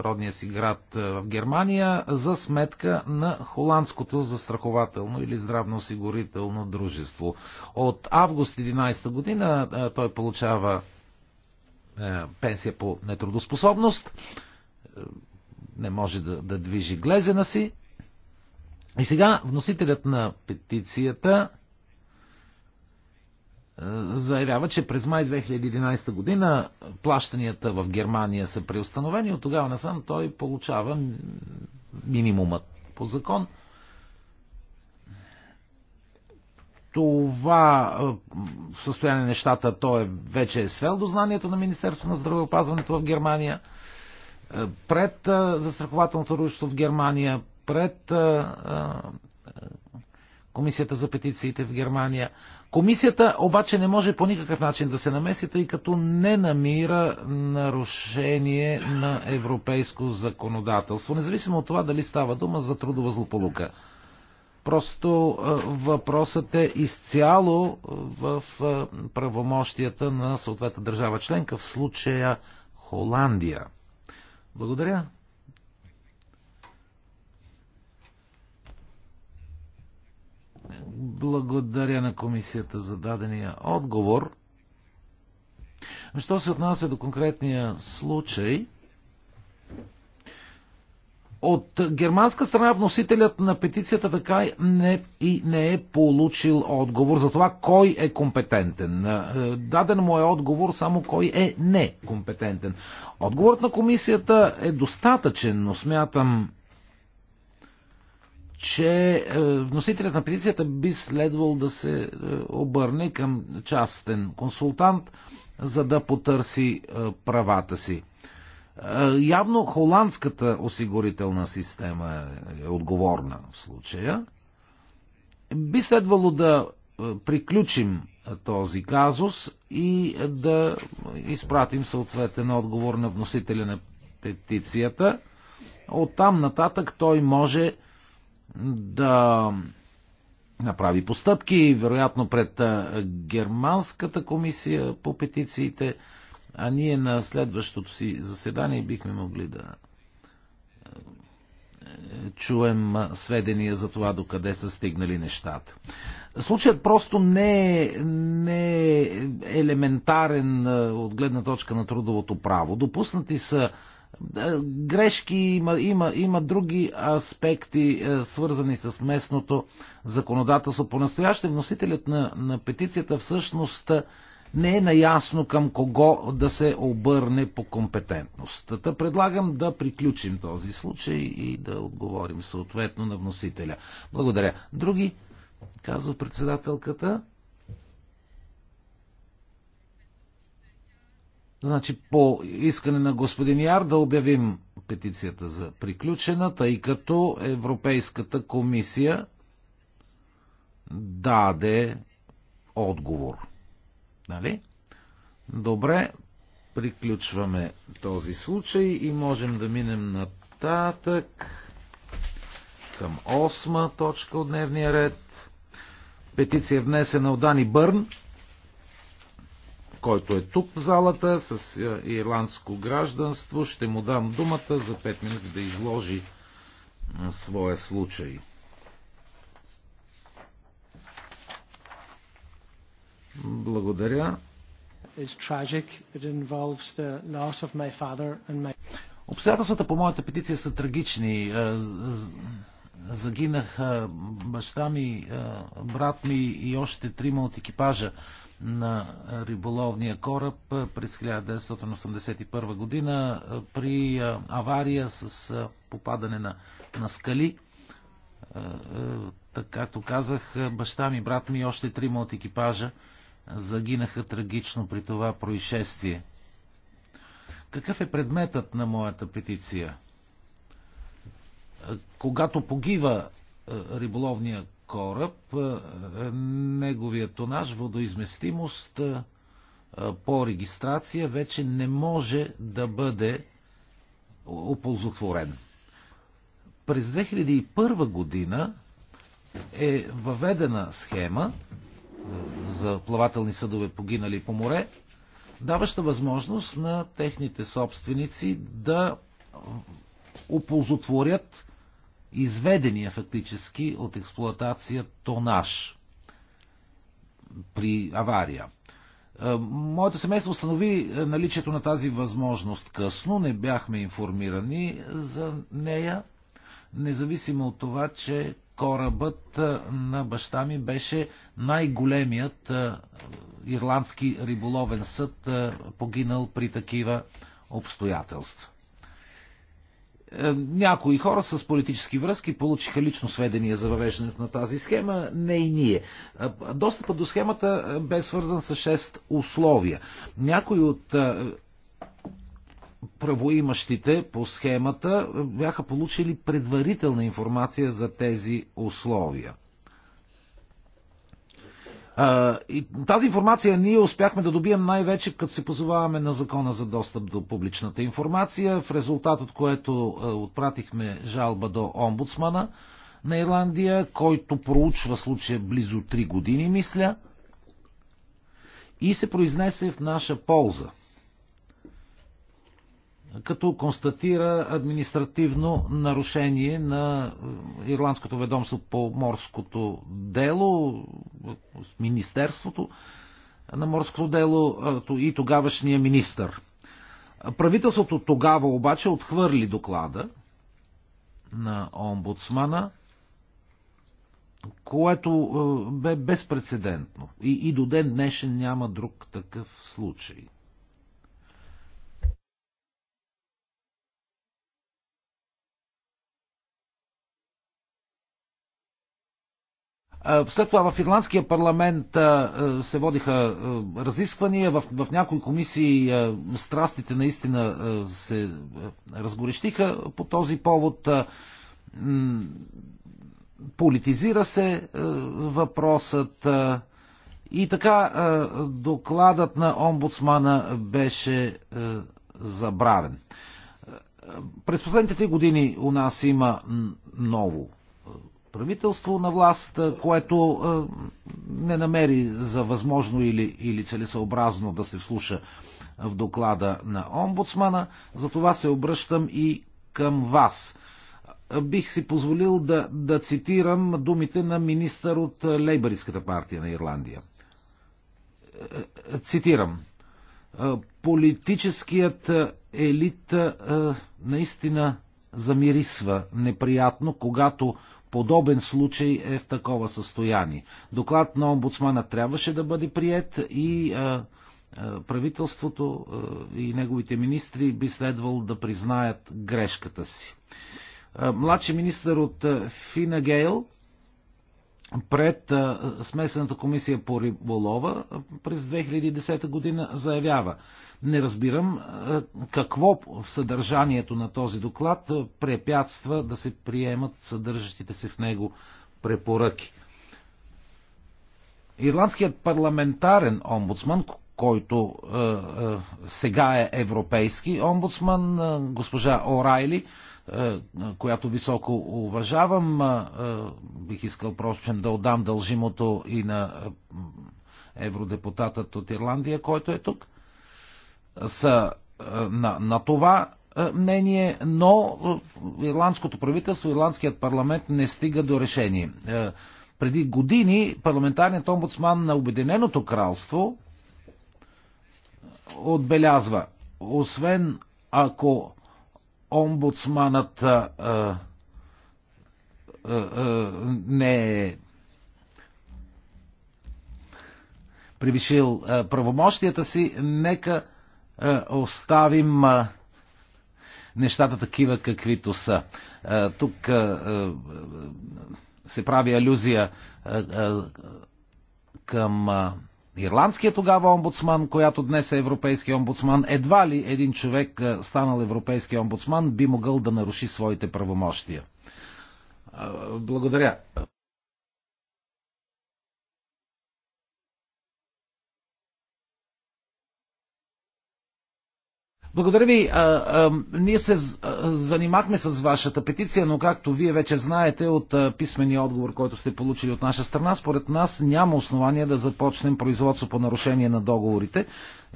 родния си град е, в Германия, за сметка на холандското застрахователно или здравноосигурително дружество. От август 11 година е, той получава пенсия по нетрудоспособност, не може да, да движи глезена си. И сега вносителят на петицията заявява, че през май 2011 година плащанията в Германия са преустановени. От тогава насам той получава минимумът по закон. Това състояние на нещата той е, вече е свел до знанието на Министерство на здравеопазването в Германия, пред застрахователното дружество в Германия, пред Комисията за петициите в Германия. Комисията обаче не може по никакъв начин да се намеси, тъй като не намира нарушение на европейско законодателство, независимо от това дали става дума за трудова злополука. Просто въпросът е изцяло в правомощията на съответната държава членка, в случая Холандия. Благодаря. Благодаря на комисията за дадения отговор. Що се отнася до конкретния случай, от германска страна вносителят на петицията така не, и не е получил отговор за това кой е компетентен. Е, даден му е отговор само кой е некомпетентен. Отговорът на комисията е достатъчен, но смятам, че е, вносителят на петицията би следвал да се е, обърне към частен консултант, за да потърси е, правата си. Явно холандската осигурителна система е отговорна в случая. Би следвало да приключим този казус и да изпратим съответен отговор на вносителя на петицията. Оттам нататък той може да направи постъпки, вероятно пред Германската комисия по петициите, а ние на следващото си заседание бихме могли да чуем сведения за това докъде са стигнали нещата. Случаят просто не е, не е елементарен от гледна точка на трудовото право. Допуснати са е, грешки, има, има, има други аспекти, е, свързани с местното законодателство. По-настояще вносителят на, на петицията всъщност е, не е наясно към кого да се обърне по компетентност. Та предлагам да приключим този случай и да отговорим съответно на вносителя. Благодаря. Други, казва председателката. Значи по искане на господин Яр да обявим петицията за приключена, тъй като Европейската комисия даде отговор. Нали? Добре, приключваме този случай и можем да минем нататък към осма точка от дневния ред. Петиция е внесена от Дани Бърн който е тук в залата с е, ирландско гражданство. Ще му дам думата за 5 минути да изложи е, своя случай. Благодаря. Обстоятелствата по моята петиция са трагични. Е, загинаха баща ми, брат ми и още трима от екипажа на риболовния кораб през 1981 година при авария с попадане на, на скали. както казах, баща ми, брат ми и още трима от екипажа загинаха трагично при това происшествие. Какъв е предметът на моята петиция? Когато погива риболовния кораб, е, е, неговият тонаж, водоизместимост е, по регистрация вече не може да бъде оползотворен. През 2001 година е въведена схема за плавателни съдове погинали по море, даваща възможност на техните собственици да оползотворят изведения фактически от експлоатация тонаж при авария. Е, моето семейство установи е, наличието на тази възможност късно, не бяхме информирани за нея, независимо от това, че корабът е, на баща ми беше най-големият ирландски риболовен съд, погинал при такива обстоятелства. Е, някои хора с политически връзки получиха лично сведения за въвеждането на тази схема, не и ние. Е, достъпът до схемата е, бе свързан с 6 условия. Някои от правоимащите по схемата бяха получили предварителна информация за тези условия. И тази информация ние успяхме да добием най-вече като се позоваваме на закона за достъп до публичната информация, в резултат от което отпратихме жалба до омбудсмана на Ирландия, който проучва случая близо 3 години, мисля, и се произнесе в наша полза като констатира административно нарушение на Ирландското ведомство по морското дело, Министерството на морското дело и тогавашния министър. Правителството тогава обаче отхвърли доклада на омбудсмана, което бе безпредседентно и, и до ден днешен няма друг такъв случай. След това в Ирландския парламент се водиха разисквания, в, в някои комисии страстите наистина се разгорещиха по този повод. Политизира се въпросът. И така докладът на омбудсмана беше забравен. През последните три години у нас има ново правителство на власт, което не намери за възможно или, или целесъобразно да се вслуша в доклада на омбудсмана. Затова се обръщам и към вас. Бих си позволил да, да цитирам думите на министър от Лейбъристската партия на Ирландия. Цитирам. Политическият елит наистина замирисва неприятно, когато подобен случай е в такова състояние. Доклад на омбудсмана трябваше да бъде прият и а, е, а, е, правителството а, е, и неговите министри би следвало да признаят грешката си. Младши министър от Фина Гейл пред Смесената комисия по риболова през 2010 година заявява. Не разбирам какво в съдържанието на този доклад препятства да се приемат съдържащите се в него препоръки. Ирландският парламентарен омбудсман, който е, е, сега е европейски омбудсман, госпожа Орайли, е, която високо уважавам. Е, е, бих искал просто да отдам дължимото и на евродепутатът от Ирландия, който е тук, са на, на това мнение, но ирландското правителство, ирландският парламент не стига до решение. Преди години парламентарният омбудсман на Обединеното кралство отбелязва, освен ако омбудсманът а, а, а, не е превишил а, правомощията си, нека а, оставим а, нещата такива каквито са. А, тук а, а, се прави алюзия а, а, към. А, ирландския тогава омбудсман, която днес е европейски омбудсман, едва ли един човек, е, станал европейски омбудсман, би могъл да наруши своите правомощия. Благодаря. Благодаря ви. А, а, ние се занимахме с вашата петиция, но както вие вече знаете от а, писмения отговор, който сте получили от наша страна, според нас няма основания да започнем производство по нарушение на договорите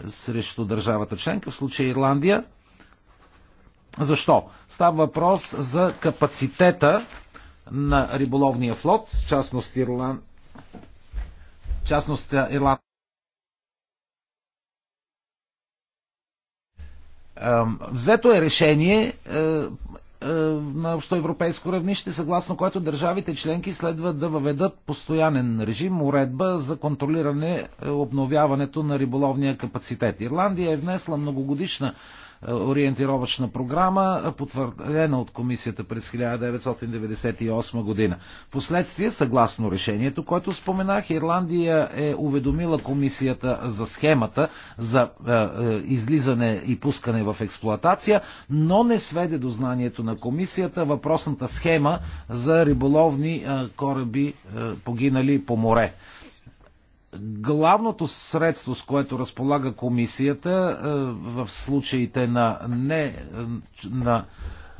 срещу държавата членка, в случая Ирландия. Защо? Става въпрос за капацитета на риболовния флот, в частност Ирланд... частност Ирландия. Взето е решение е, е, на общоевропейско равнище, съгласно което държавите членки следва да въведат постоянен режим, уредба за контролиране е, обновяването на риболовния капацитет. Ирландия е внесла многогодишна ориентировъчна програма, потвърдена от комисията през 1998 година. Последствие, съгласно решението, което споменах, Ирландия е уведомила комисията за схемата за е, е, излизане и пускане в експлоатация, но не сведе до знанието на комисията въпросната схема за риболовни е, кораби погинали по море главното средство, с което разполага комисията е, в случаите на, не, е, на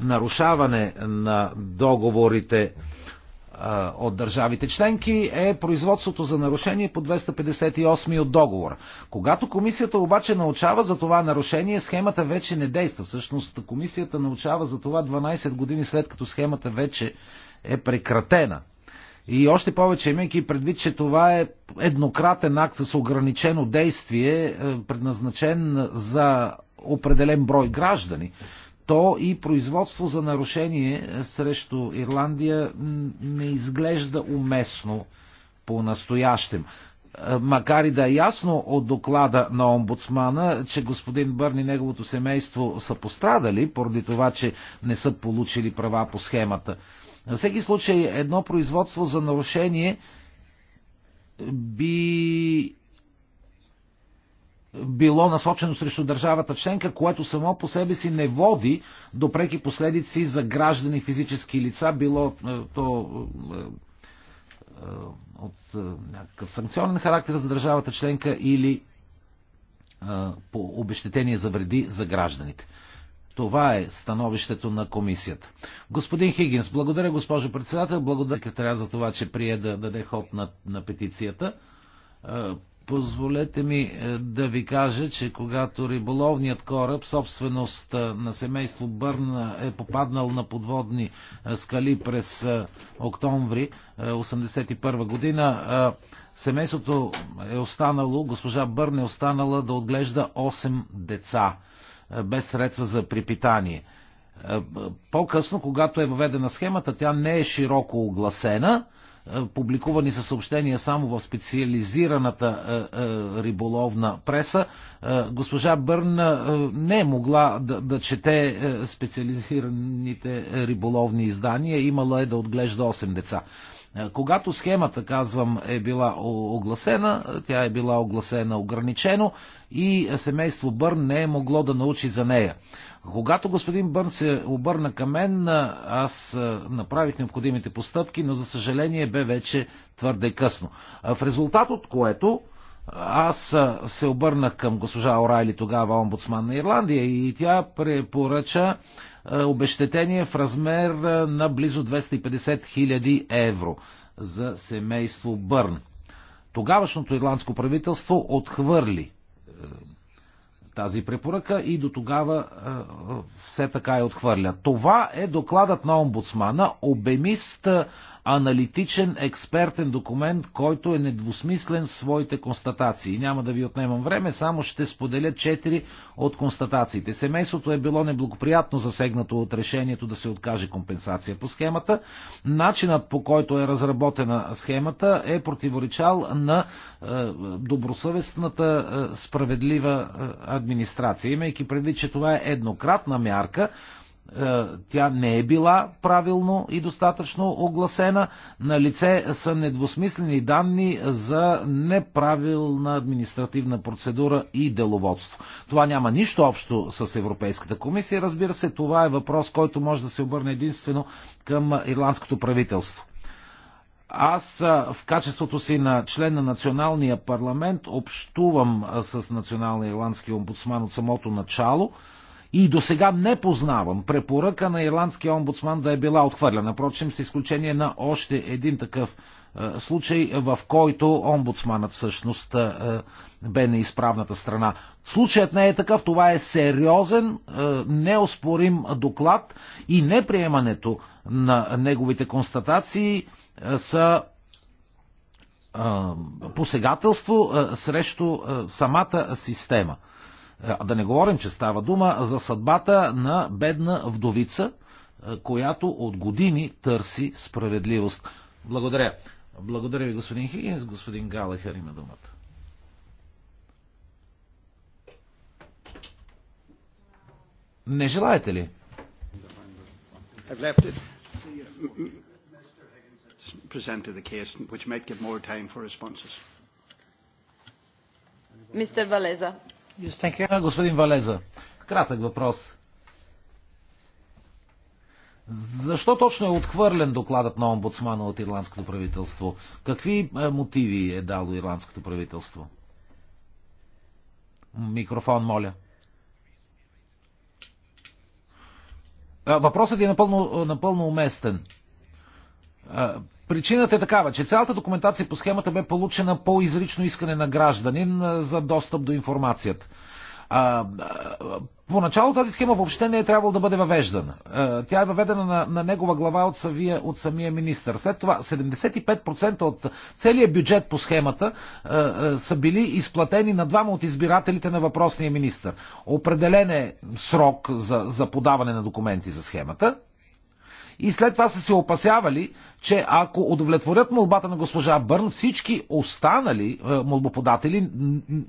нарушаване на договорите е, от държавите членки е производството за нарушение по 258 от договора. Когато комисията обаче научава за това нарушение, схемата вече не действа. Всъщност комисията научава за това 12 години след като схемата вече е прекратена. И още повече, имайки предвид, че това е еднократен акт с ограничено действие, е, предназначен за определен брой граждани, то и производство за нарушение е, срещу Ирландия не изглежда уместно по-настоящем. Е, макар и да е ясно от доклада на омбудсмана, че господин Бърн и неговото семейство са пострадали, поради това, че не са получили права по схемата на всеки случай едно производство за нарушение би било насочено срещу държавата членка, което само по себе си не води до преки последици за граждани физически лица, било е, то е, е, от някакъв санкционен характер за държавата членка или по обещетение за вреди за гражданите. Това е становището на комисията. Господин Хигинс, благодаря госпожо председател, благодаря секретаря за това, че прие да даде ход на, на петицията. Е, позволете ми е, да ви кажа, че когато риболовният кораб, собственост е, на семейство Бърн, е попаднал на подводни скали през октомври 1981 година, семейството е останало, госпожа Бърн е останала да отглежда 8 деца без средства за припитание. Е, по-късно, когато е въведена схемата, тя не е широко огласена. Е, публикувани са съобщения само в специализираната е, риболовна преса. Госпожа Бърн не е могла да, да чете специализираните риболовни издания. Имала е да отглежда 8 деца. Е, когато схемата, казвам, е била огласена, тя е била огласена ограничено и е, семейство Бърн не е могло да научи за нея. Когато господин Бърн се обърна към мен, е, аз направих необходимите постъпки, но за съжаление бе вече твърде късно. В резултат от което аз се обърнах към госпожа Орайли, тогава омбудсман на Ирландия, и тя препоръча е, обещетение в размер е, на близо 250 000 евро за семейство Бърн. Тогавашното ирландско правителство отхвърли е, тази препоръка и до тогава все така е отхвърля. Това е докладът на омбудсмана, обемист аналитичен експертен документ, който е недвусмислен в своите констатации. Няма да ви отнемам време, само ще споделя четири от констатациите. Семейството е било неблагоприятно засегнато от решението да се откаже компенсация по схемата. Начинът по който е разработена схемата е противоречал на е, добросъвестната е, справедлива е, администрация. Имайки предвид, че това е еднократна мярка, е, тя не е била правилно и достатъчно огласена. На лице са недвусмислени данни за неправилна административна процедура и деловодство. Това няма нищо общо с Европейската комисия. Разбира се, това е въпрос, който може да се обърне единствено към ирландското правителство. Аз е, в качеството си на член на националния парламент общувам е, с националния ирландски омбудсман от самото начало – и до сега не познавам препоръка на ирландския омбудсман да е била отхвърлена. Впрочем, с изключение на още един такъв е, случай, в който омбудсманът всъщност е, е, бе неизправната страна. Случаят не е такъв, това е сериозен, неоспорим доклад и неприемането на неговите констатации са посегателство срещу самата система. Да не говорим, че става дума за съдбата на бедна вдовица, е, която от години търси справедливост. Благодаря. Благодаря ви, господин Хигинс. Господин Галахер има думата. Не желаете ли? Мистер Валеза, Господин Валеза, кратък въпрос. Защо точно е отхвърлен докладът на омбудсмана от ирландското правителство? Какви е, мотиви е дало ирландското правителство? Микрофон, моля. Въпросът е напълно, напълно уместен. Причината е такава, че цялата документация по схемата бе получена по изрично искане на гражданин за достъп до информацията. А, поначало тази схема въобще не е трябвало да бъде въвеждана. А, тя е въведена на, на негова глава от, съвия, от самия министр. След това 75% от целия бюджет по схемата а, а, са били изплатени на двама от избирателите на въпросния министр. Определен е срок за, за подаване на документи за схемата, и след това са се опасявали, че ако удовлетворят молбата на госпожа Бърн, всички останали е, молбоподатели,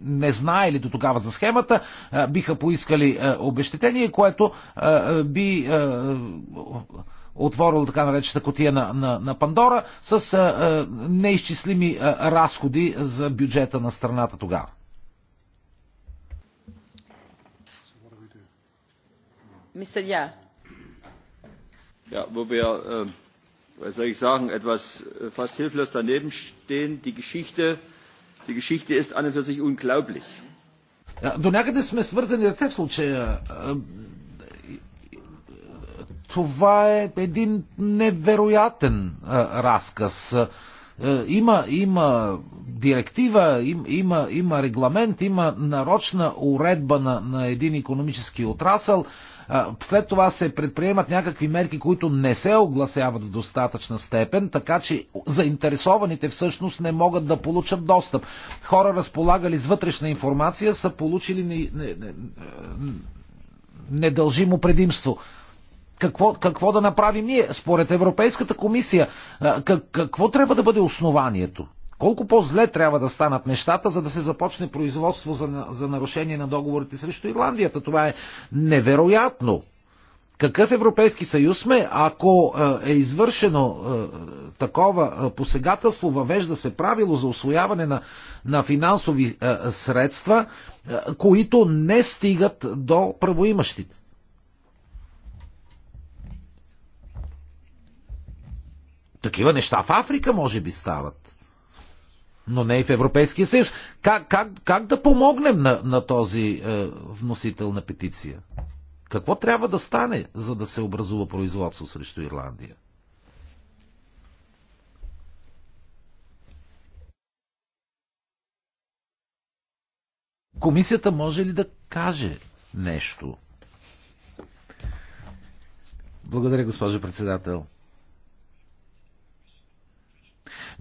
не знаели до тогава за схемата, е, биха поискали е, обещетение, което би отворило така наречената котия на, на, на Пандора с неизчислими разходи за бюджета на страната тогава. Yeah wo wir, ähm, was soll ich sagen, etwas äh, fast hilflos daneben stehen. Die Geschichte, die Geschichte ist an und für sich unglaublich. До някъде сме свързани ръце в случая. Това е един невероятен разказ. Е, има, има директива, им, има, има регламент, има нарочна уредба на, на един економически отрасъл. След това се предприемат някакви мерки, които не се огласяват в достатъчна степен, така че заинтересованите всъщност не могат да получат достъп. Хора, разполагали с вътрешна информация, са получили недължимо предимство какво, какво да направим ние? Според Европейската комисия, какво трябва да бъде основанието? Колко по-зле трябва да станат нещата, за да се започне производство за, за нарушение на договорите срещу Ирландията? Това е невероятно. Какъв Европейски съюз сме, ако е, е извършено е, такова е, посегателство, въвежда се правило за освояване на, на финансови е, средства, е, които не стигат до правоимащите? Такива неща в Африка може би стават но не и в Европейския съюз. Как, как, как да помогнем на, на този е, вносител на петиция? Какво трябва да стане, за да се образува производство срещу Ирландия? Комисията може ли да каже нещо? Благодаря, госпожо председател.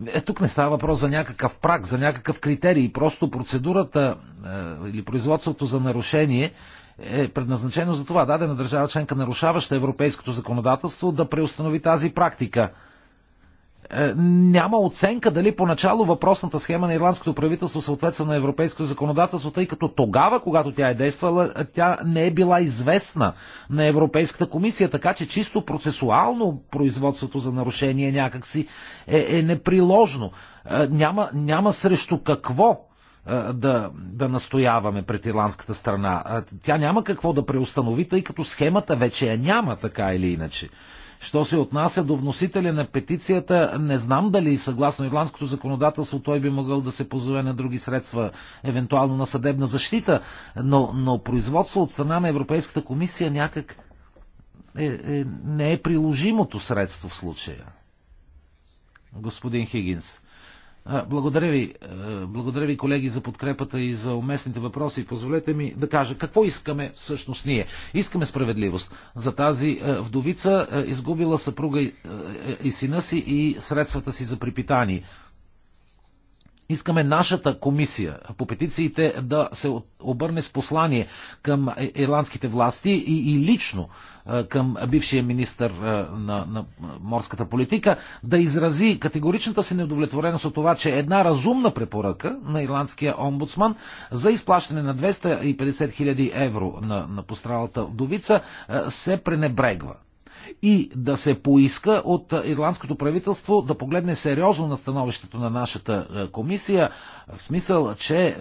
Е, тук не става въпрос за някакъв прак, за някакъв критерий. Просто процедурата е, или производството за нарушение е предназначено за това. Дадена държава членка, нарушаваща европейското законодателство, да преустанови тази практика – е, няма оценка дали поначало въпросната схема на ирландското правителство съответства на европейското законодателство, тъй като тогава, когато тя е действала, тя не е била известна на Европейската комисия, така че чисто процесуално производството за нарушение някакси е, е неприложно. Е, няма, няма срещу какво е, да, да настояваме пред ирландската страна. Тя няма какво да преустанови, тъй като схемата вече я няма, така или иначе. Що се отнася до вносителя на петицията, не знам дали съгласно ирландското законодателство той би могъл да се позове на други средства, евентуално на съдебна защита, но, но производство от страна на Европейската комисия някак е, е, не е приложимото средство в случая. Господин Хигинс. Благодаря ви, благодаря ви, колеги, за подкрепата и за уместните въпроси. Позволете ми да кажа какво искаме всъщност ние. Искаме справедливост за тази вдовица, изгубила съпруга и сина си и средствата си за припитание. Искаме нашата комисия по петициите да се обърне с послание към ирландските власти и, и лично към бившия министр на, на морската политика да изрази категоричната си неудовлетвореност от това, че една разумна препоръка на ирландския омбудсман за изплащане на 250 000 евро на, на пострадалата вдовица се пренебрегва и да се поиска от ирландското правителство да погледне сериозно на становището на нашата е, комисия, в смисъл, че е,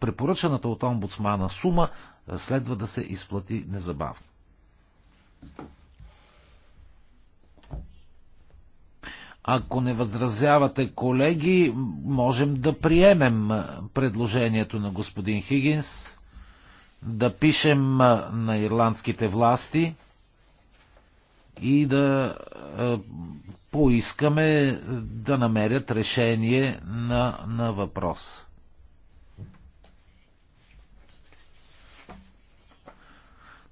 препоръчаната от омбудсмана сума е, следва да се изплати незабавно. Ако не възразявате, колеги, можем да приемем предложението на господин Хигинс, да пишем на ирландските власти – и да поискаме да намерят решение на, на въпрос.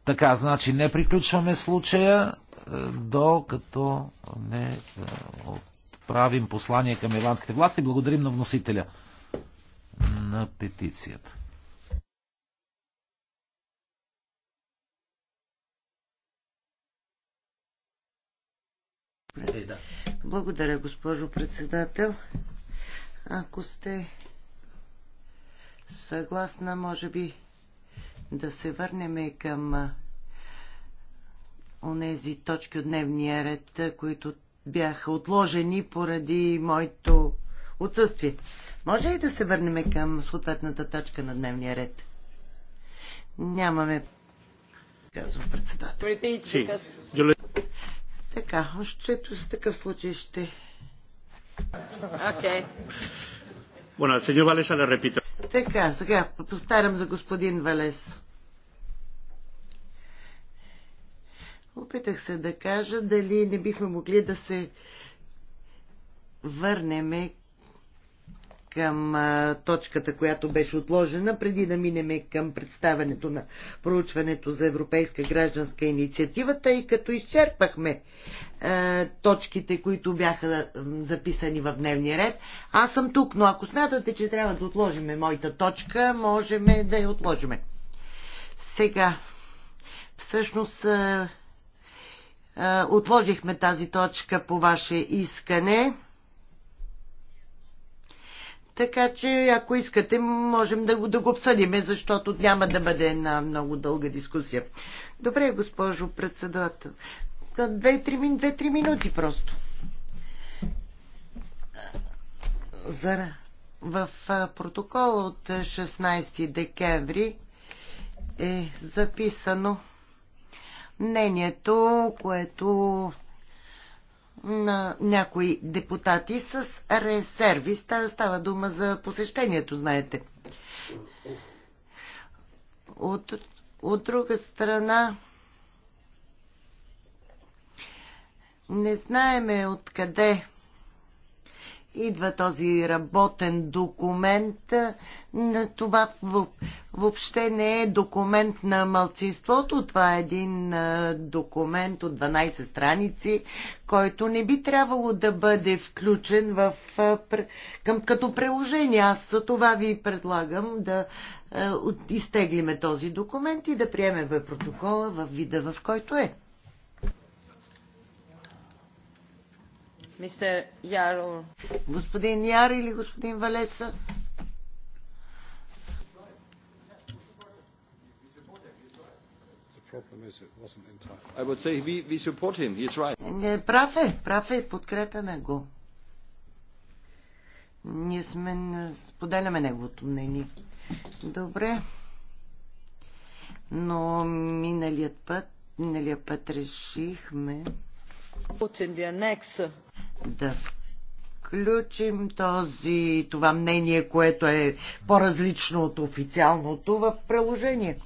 Така, значи не приключваме случая, докато не отправим послание към ирландските власти. Благодарим на вносителя на петицията. разпред. Да. Благодаря, госпожо председател. Ако сте съгласна, може би да се върнем към онези точки от дневния ред, които бяха отложени поради моето отсъствие. Може ли да се върнем към съответната точка на дневния ред? Нямаме, казвам председател. Така, още с такъв случай ще... Окей. Okay. Bueno, señor Valesa Така, сега повтарям за господин Валес. Опитах се да кажа дали не бихме могли да се върнеме към точката, която беше отложена, преди да минеме към представенето на проучването за Европейска гражданска инициатива, тъй като изчерпахме а, точките, които бяха записани в дневния ред. Аз съм тук, но ако смятате, че трябва да отложиме моята точка, можем да я отложиме. Сега, всъщност, а, отложихме тази точка по ваше искане така че, ако искате, можем да го, да го обсъдиме, защото няма да бъде една много дълга дискусия. Добре, госпожо председател. Две-три две, минути просто. За, в протокола от 16 декември е записано мнението, което на някои депутати с резерви. Става дума за посещението, знаете. От, от друга страна, не знаеме откъде идва този работен документ. Това въобще не е документ на мълцинството, това е един документ от 12 страници, който не би трябвало да бъде включен в, към, като приложение. Аз за това ви предлагам да изтеглиме този документ и да приемем протокола в вида, в който е. Мистер Яро. Господин Яр или господин Валеса? Не, прав е, прав е, подкрепяме го. Ние сме, споделяме неговото мнение. Добре. Но миналият път, миналият път решихме да включим този, това мнение, което е по-различно от официалното в приложение.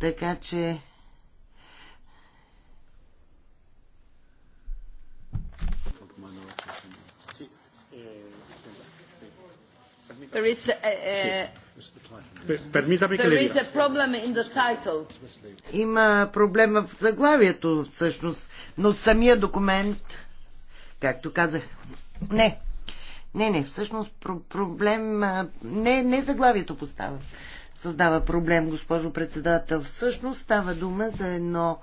Така че There is a, problem in the title. Има проблема в заглавието, всъщност, но самия документ както казах. Не. Не, не, всъщност про- проблем... Не, не заглавието поставя. Създава проблем, госпожо председател. Всъщност става дума за едно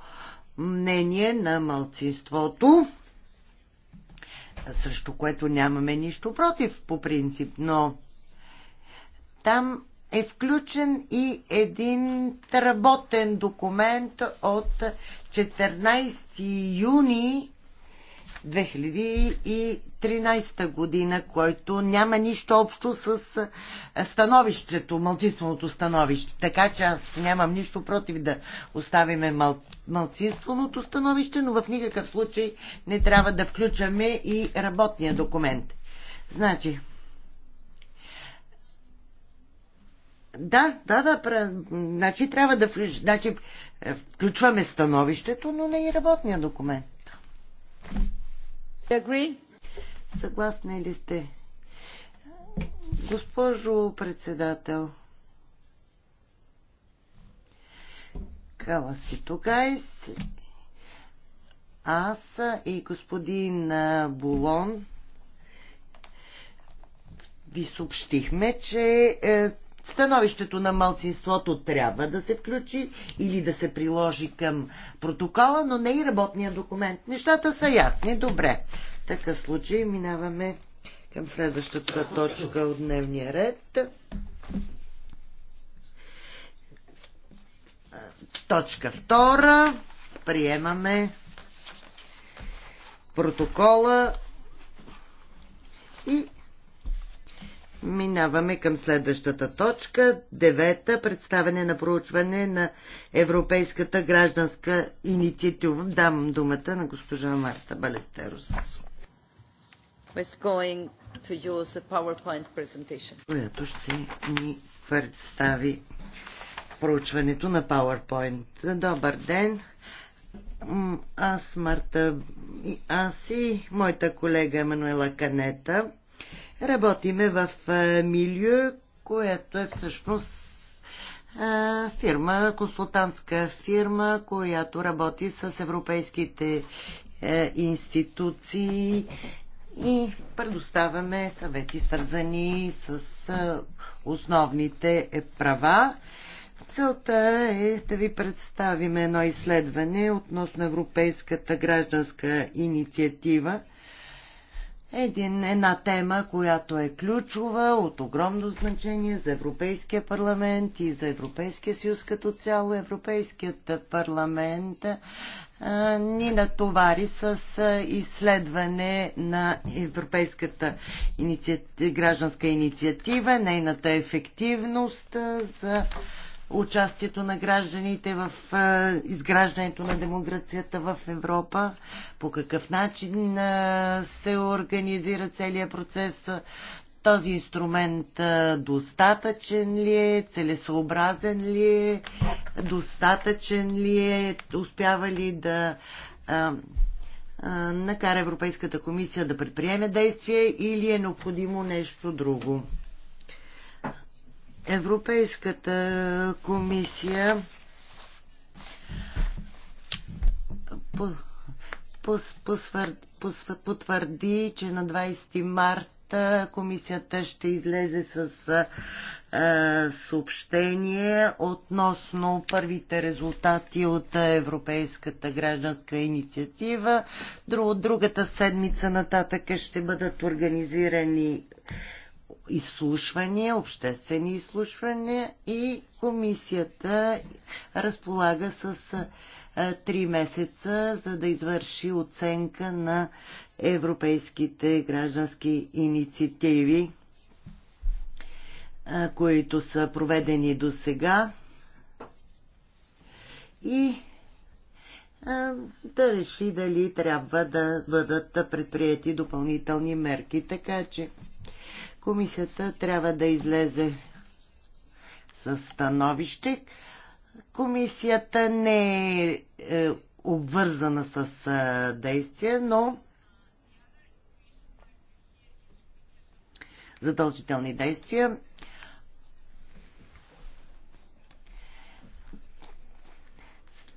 мнение на малцинството, срещу което нямаме нищо против по принцип, но там е включен и един работен документ от 14 юни 2013 година, който няма нищо общо с становището, малцинственото становище. Така че аз нямам нищо против да оставиме мал, малцинственото становище, но в никакъв случай не трябва да включаме и работния документ. Значи, Да, да, да. Пра... Значи трябва да включ... значи, е, включваме становището, но не и работния документ. Agree? Съгласни ли сте? Госпожо председател, Кала си тук. аз и господин Булон ви съобщихме, че е, становището на малцинството трябва да се включи или да се приложи към протокола, но не и работния документ. Нещата са ясни, добре. В такъв случай минаваме към следващата точка от дневния ред. Точка втора. Приемаме протокола и Минаваме към следващата точка, девета, представяне на проучване на Европейската гражданска инициатива. Дам думата на госпожа Марта Балестерос. Която ще ни представи проучването на PowerPoint. Добър ден! Аз, Марта, аз и моята колега Емануела Канета Работиме в милио, което е всъщност фирма, консултантска фирма, която работи с европейските е, институции и предоставяме съвети, свързани с основните е, права. Целта е да ви представим едно изследване относно Европейската гражданска инициатива един, една тема, която е ключова, от огромно значение за Европейския парламент и за Европейския съюз като цяло. Европейският парламент а, ни натовари с а, изследване на Европейската инициатив, гражданска инициатива, нейната ефективност а, за участието на гражданите в изграждането на демокрацията в Европа, по какъв начин се организира целият процес, този инструмент достатъчен ли е, целесообразен ли е, достатъчен ли е, успява ли да а, а, накара Европейската комисия да предприеме действие или е необходимо нещо друго. Европейската комисия потвърди, че на 20 марта комисията ще излезе с съобщение относно първите резултати от Европейската гражданска инициатива. другата седмица нататък ще бъдат организирани изслушвания, обществени изслушвания и комисията разполага с три месеца, за да извърши оценка на европейските граждански инициативи, които са проведени до сега и да реши дали трябва да бъдат предприяти допълнителни мерки. Така че Комисията трябва да излезе с становище. Комисията не е, е обвързана с е, действие, но задължителни действия.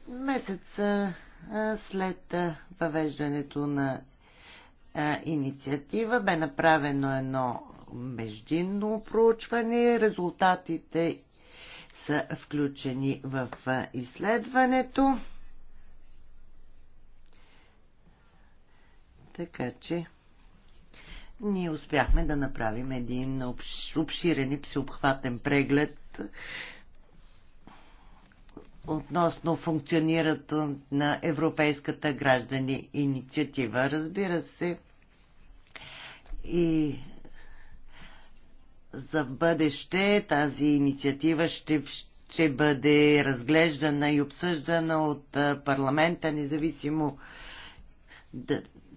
Месец е, е, след е, въвеждането на инициатива бе направено едно междинно проучване. Резултатите са включени в изследването. Така че ние успяхме да направим един обширен и всеобхватен преглед относно функционирането на Европейската граждани инициатива. Разбира се, и за бъдеще тази инициатива ще, ще бъде разглеждана и обсъждана от парламента, независимо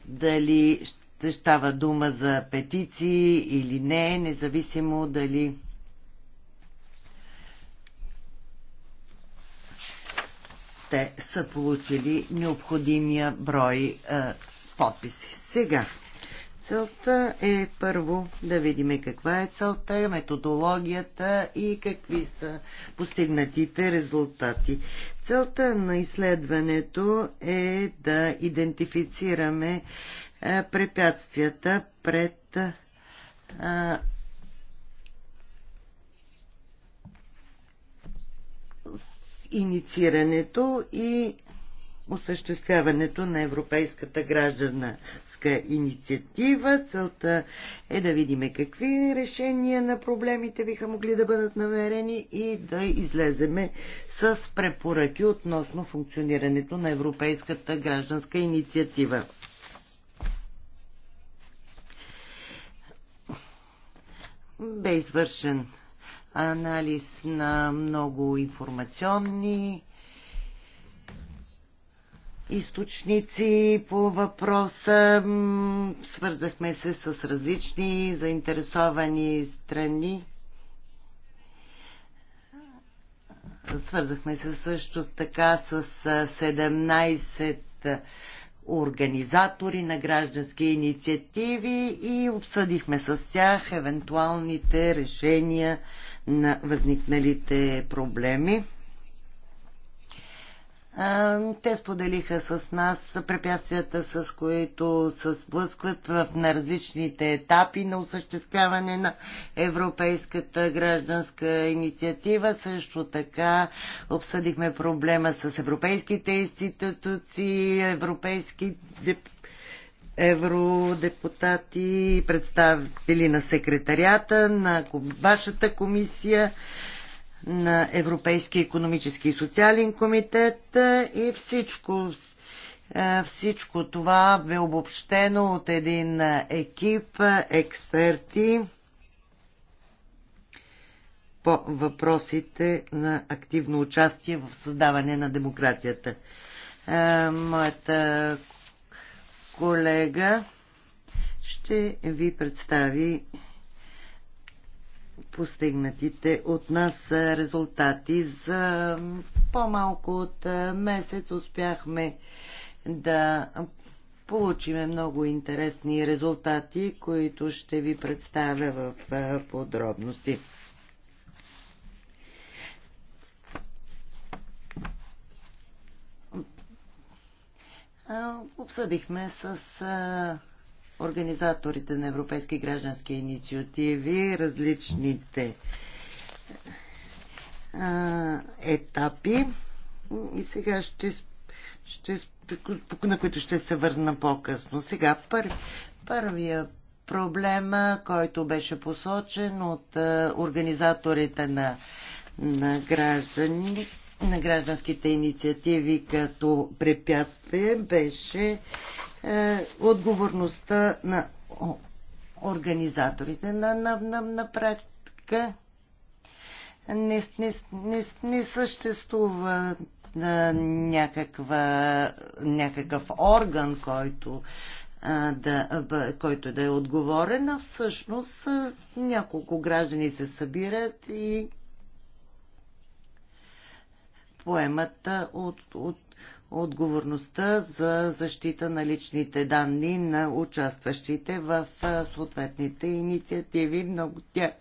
дали ще става дума за петиции или не, независимо дали те са получили необходимия брой е, подписи. Сега Целта е първо да видим каква е целта, методологията и какви са постигнатите резултати. Целта на изследването е да идентифицираме е, препятствията пред е, инициирането и осъществяването на Европейската гражданска инициатива. Целта е да видим какви решения на проблемите биха могли да бъдат намерени и да излеземе с препоръки относно функционирането на Европейската гражданска инициатива. Бе извършен анализ на много информационни източници по въпроса. Свързахме се с различни заинтересовани страни. Свързахме се също така с 17 организатори на граждански инициативи и обсъдихме с тях евентуалните решения на възникналите проблеми. Те споделиха с нас препятствията, с които се сблъскват в, на различните етапи на осъществяване на Европейската гражданска инициатива. Също така обсъдихме проблема с европейските институции, европейски деп... евродепутати, представители на секретарията, на вашата комисия на Европейския економически и социален комитет е, и всичко, е, всичко това бе обобщено от един екип експерти по въпросите на активно участие в създаване на демокрацията. Е, моята колега ще ви представи постигнатите от нас резултати. За по-малко от месец успяхме да получиме много интересни резултати, които ще ви представя в подробности. Обсъдихме с организаторите на европейски граждански инициативи, различните а, етапи. И сега ще, ще, на които ще се върна по-късно. Сега пър, първия проблема, който беше посочен от а, организаторите на, на граждани, на гражданските инициативи като препятствие беше е, отговорността на организаторите на, на, на, на практика не, не, не, не съществува а, е, някаква, някакъв орган, който а, е, да, който да е отговорен, а всъщност а, е, няколко граждани се събират и поемат от, от, отговорността за защита на личните данни на участващите в съответните инициативи. Много тях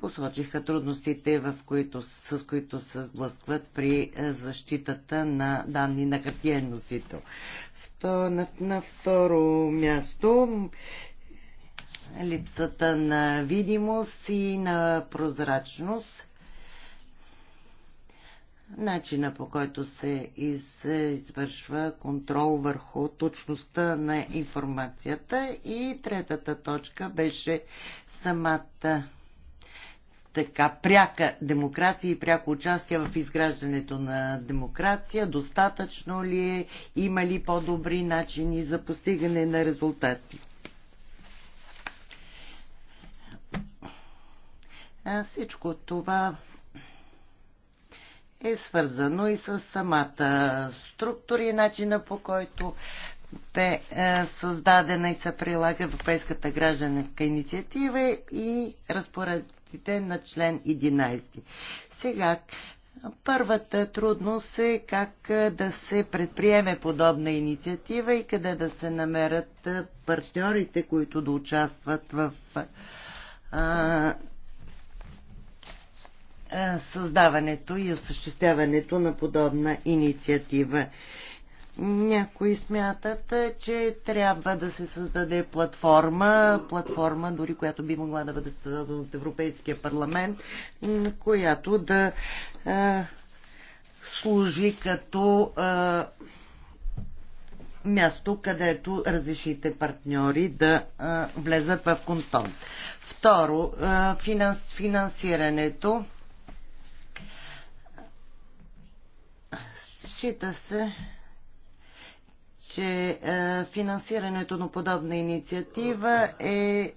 посочиха трудностите, в които, с които се сблъскват при защитата на данни на хартиен носител. На, на второ място липсата на видимост и на прозрачност начина по който се из, извършва контрол върху точността на информацията. И третата точка беше самата така пряка демокрация и пряко участие в изграждането на демокрация? Достатъчно ли е? Има ли по-добри начини за постигане на резултати? Всичко това е свързано и с самата структура и начина по който бе е, създадена и се прилага Европейската гражданска инициатива и разпоредите на член 11. Сега, първата трудност е как е, да се предприеме подобна инициатива и къде да се намерят е, партньорите, които да участват в а, е, създаването и осъществяването на подобна инициатива. Някои смятат, е, че трябва да се създаде платформа, платформа дори която би могла да бъде създадена от Европейския парламент, която да е, служи като е, място, където разрешите партньори да е, влезат в контон. Второ, е, финанс, финансирането Счита се, че е, финансирането на подобна инициатива е, е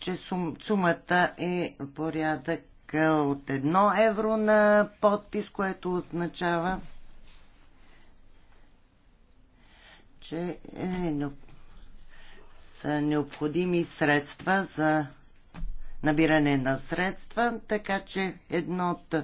че сум, сумата е порядък от 1 евро на подпис, което означава, че е, са необходими средства за набиране на средства, така че едно от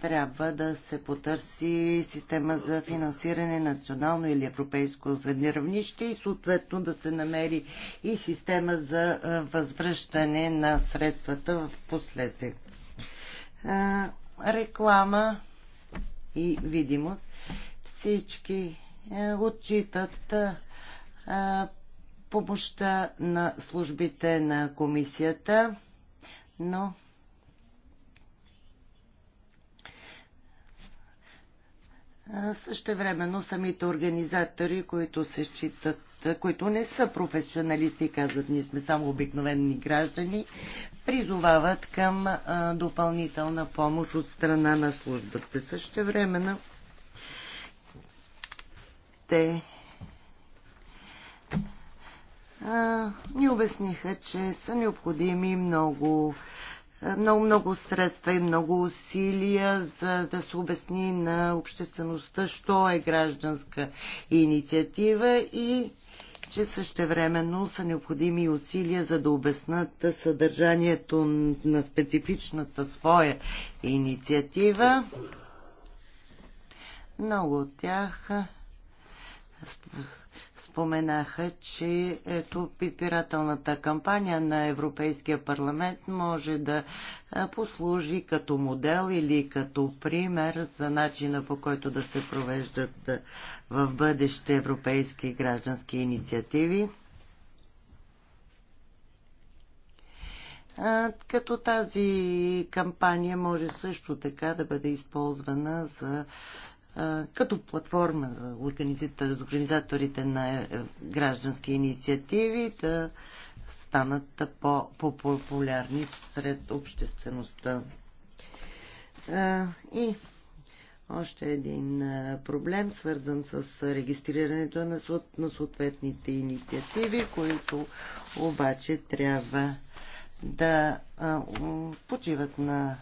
трябва да се потърси система за финансиране национално или европейско равнище и съответно да се намери и система за възвръщане на средствата в последствие. Реклама и видимост. Всички отчитат помощта на службите на комисията, но също времено самите организатори, които се считат които не са професионалисти, казват, ние сме само обикновени граждани, призовават към а, допълнителна помощ от страна на службата. Също времено те а, ни обясниха, че са необходими много, много, много средства и много усилия, за да се обясни на обществеността, що е гражданска инициатива и че същевременно са необходими усилия за да обяснат съдържанието на специфичната своя инициатива. Много от тях споменаха, че ето избирателната кампания на Европейския парламент може да послужи като модел или като пример за начина по който да се провеждат в бъдеще европейски граждански инициативи. като тази кампания може също така да бъде използвана за като платформа за организаторите на е, е, граждански инициативи да станат по-популярни сред обществеността. И още един проблем, свързан с регистрирането на съответните инициативи, които обаче трябва да почиват на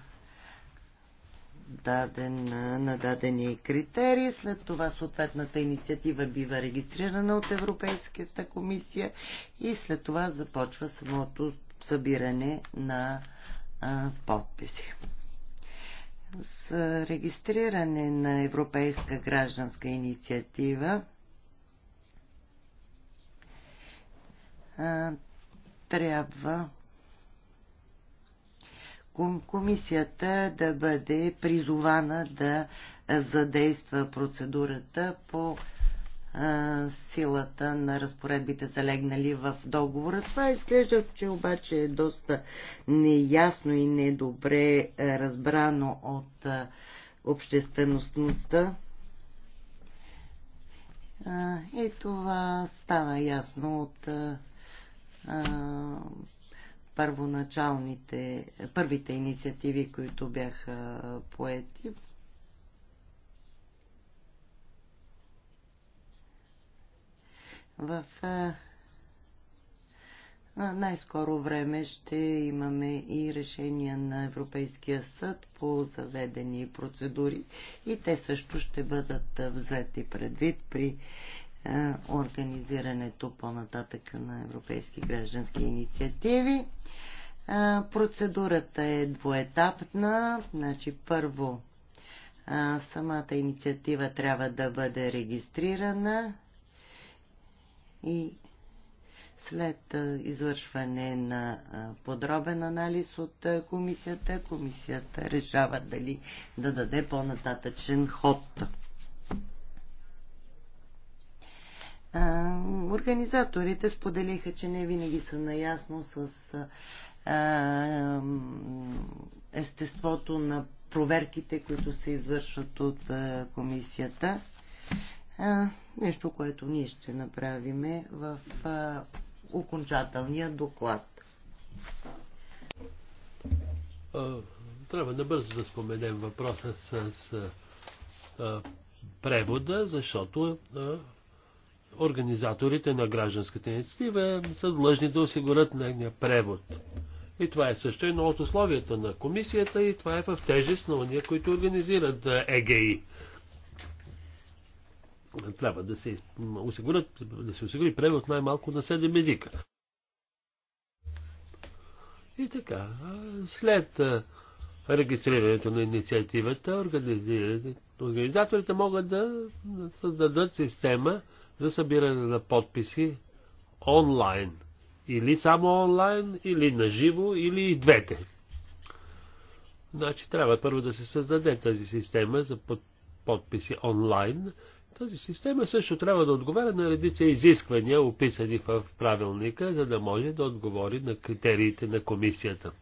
даден, на дадени критерии. След това съответната инициатива бива регистрирана от Европейската комисия и след това започва самото събиране на а, подписи. С регистриране на Европейска гражданска инициатива а, трябва комисията да бъде призована да е, задейства процедурата по е, силата на разпоредбите залегнали в договора. Това изглежда, че обаче е доста неясно и недобре е, разбрано от обществеността. И това става ясно от първоначалните, първите инициативи, които бяха поети. В най-скоро време ще имаме и решения на Европейския съд по заведени процедури и те също ще бъдат взети предвид при организирането по-нататък на европейски граждански инициативи. Процедурата е двоетапна. Значи първо самата инициатива трябва да бъде регистрирана и след извършване на подробен анализ от комисията, комисията решава дали да даде по-нататъчен ход. организаторите споделиха, че не винаги са наясно с естеството на проверките, които се извършват от комисията. нещо, което ние ще направиме в окончателния доклад. Трябва трябва набързо да споменем въпроса с превода, защото организаторите на гражданската инициатива са длъжни да осигурят нейния превод. И това е също едно от условията на комисията и това е в тежест на уния, които организират е, ЕГИ. Трябва да се, осигурят, да се осигури превод най-малко на 7 езика. И така, след регистрирането на инициативата, организаторите могат да създадат система, за събиране на подписи онлайн. Или само онлайн, или наживо, или и двете. Значи трябва първо да се създаде тази система за подписи онлайн. Тази система също трябва да отговаря на редица изисквания, описани в правилника, за да може да отговори на критериите на комисията.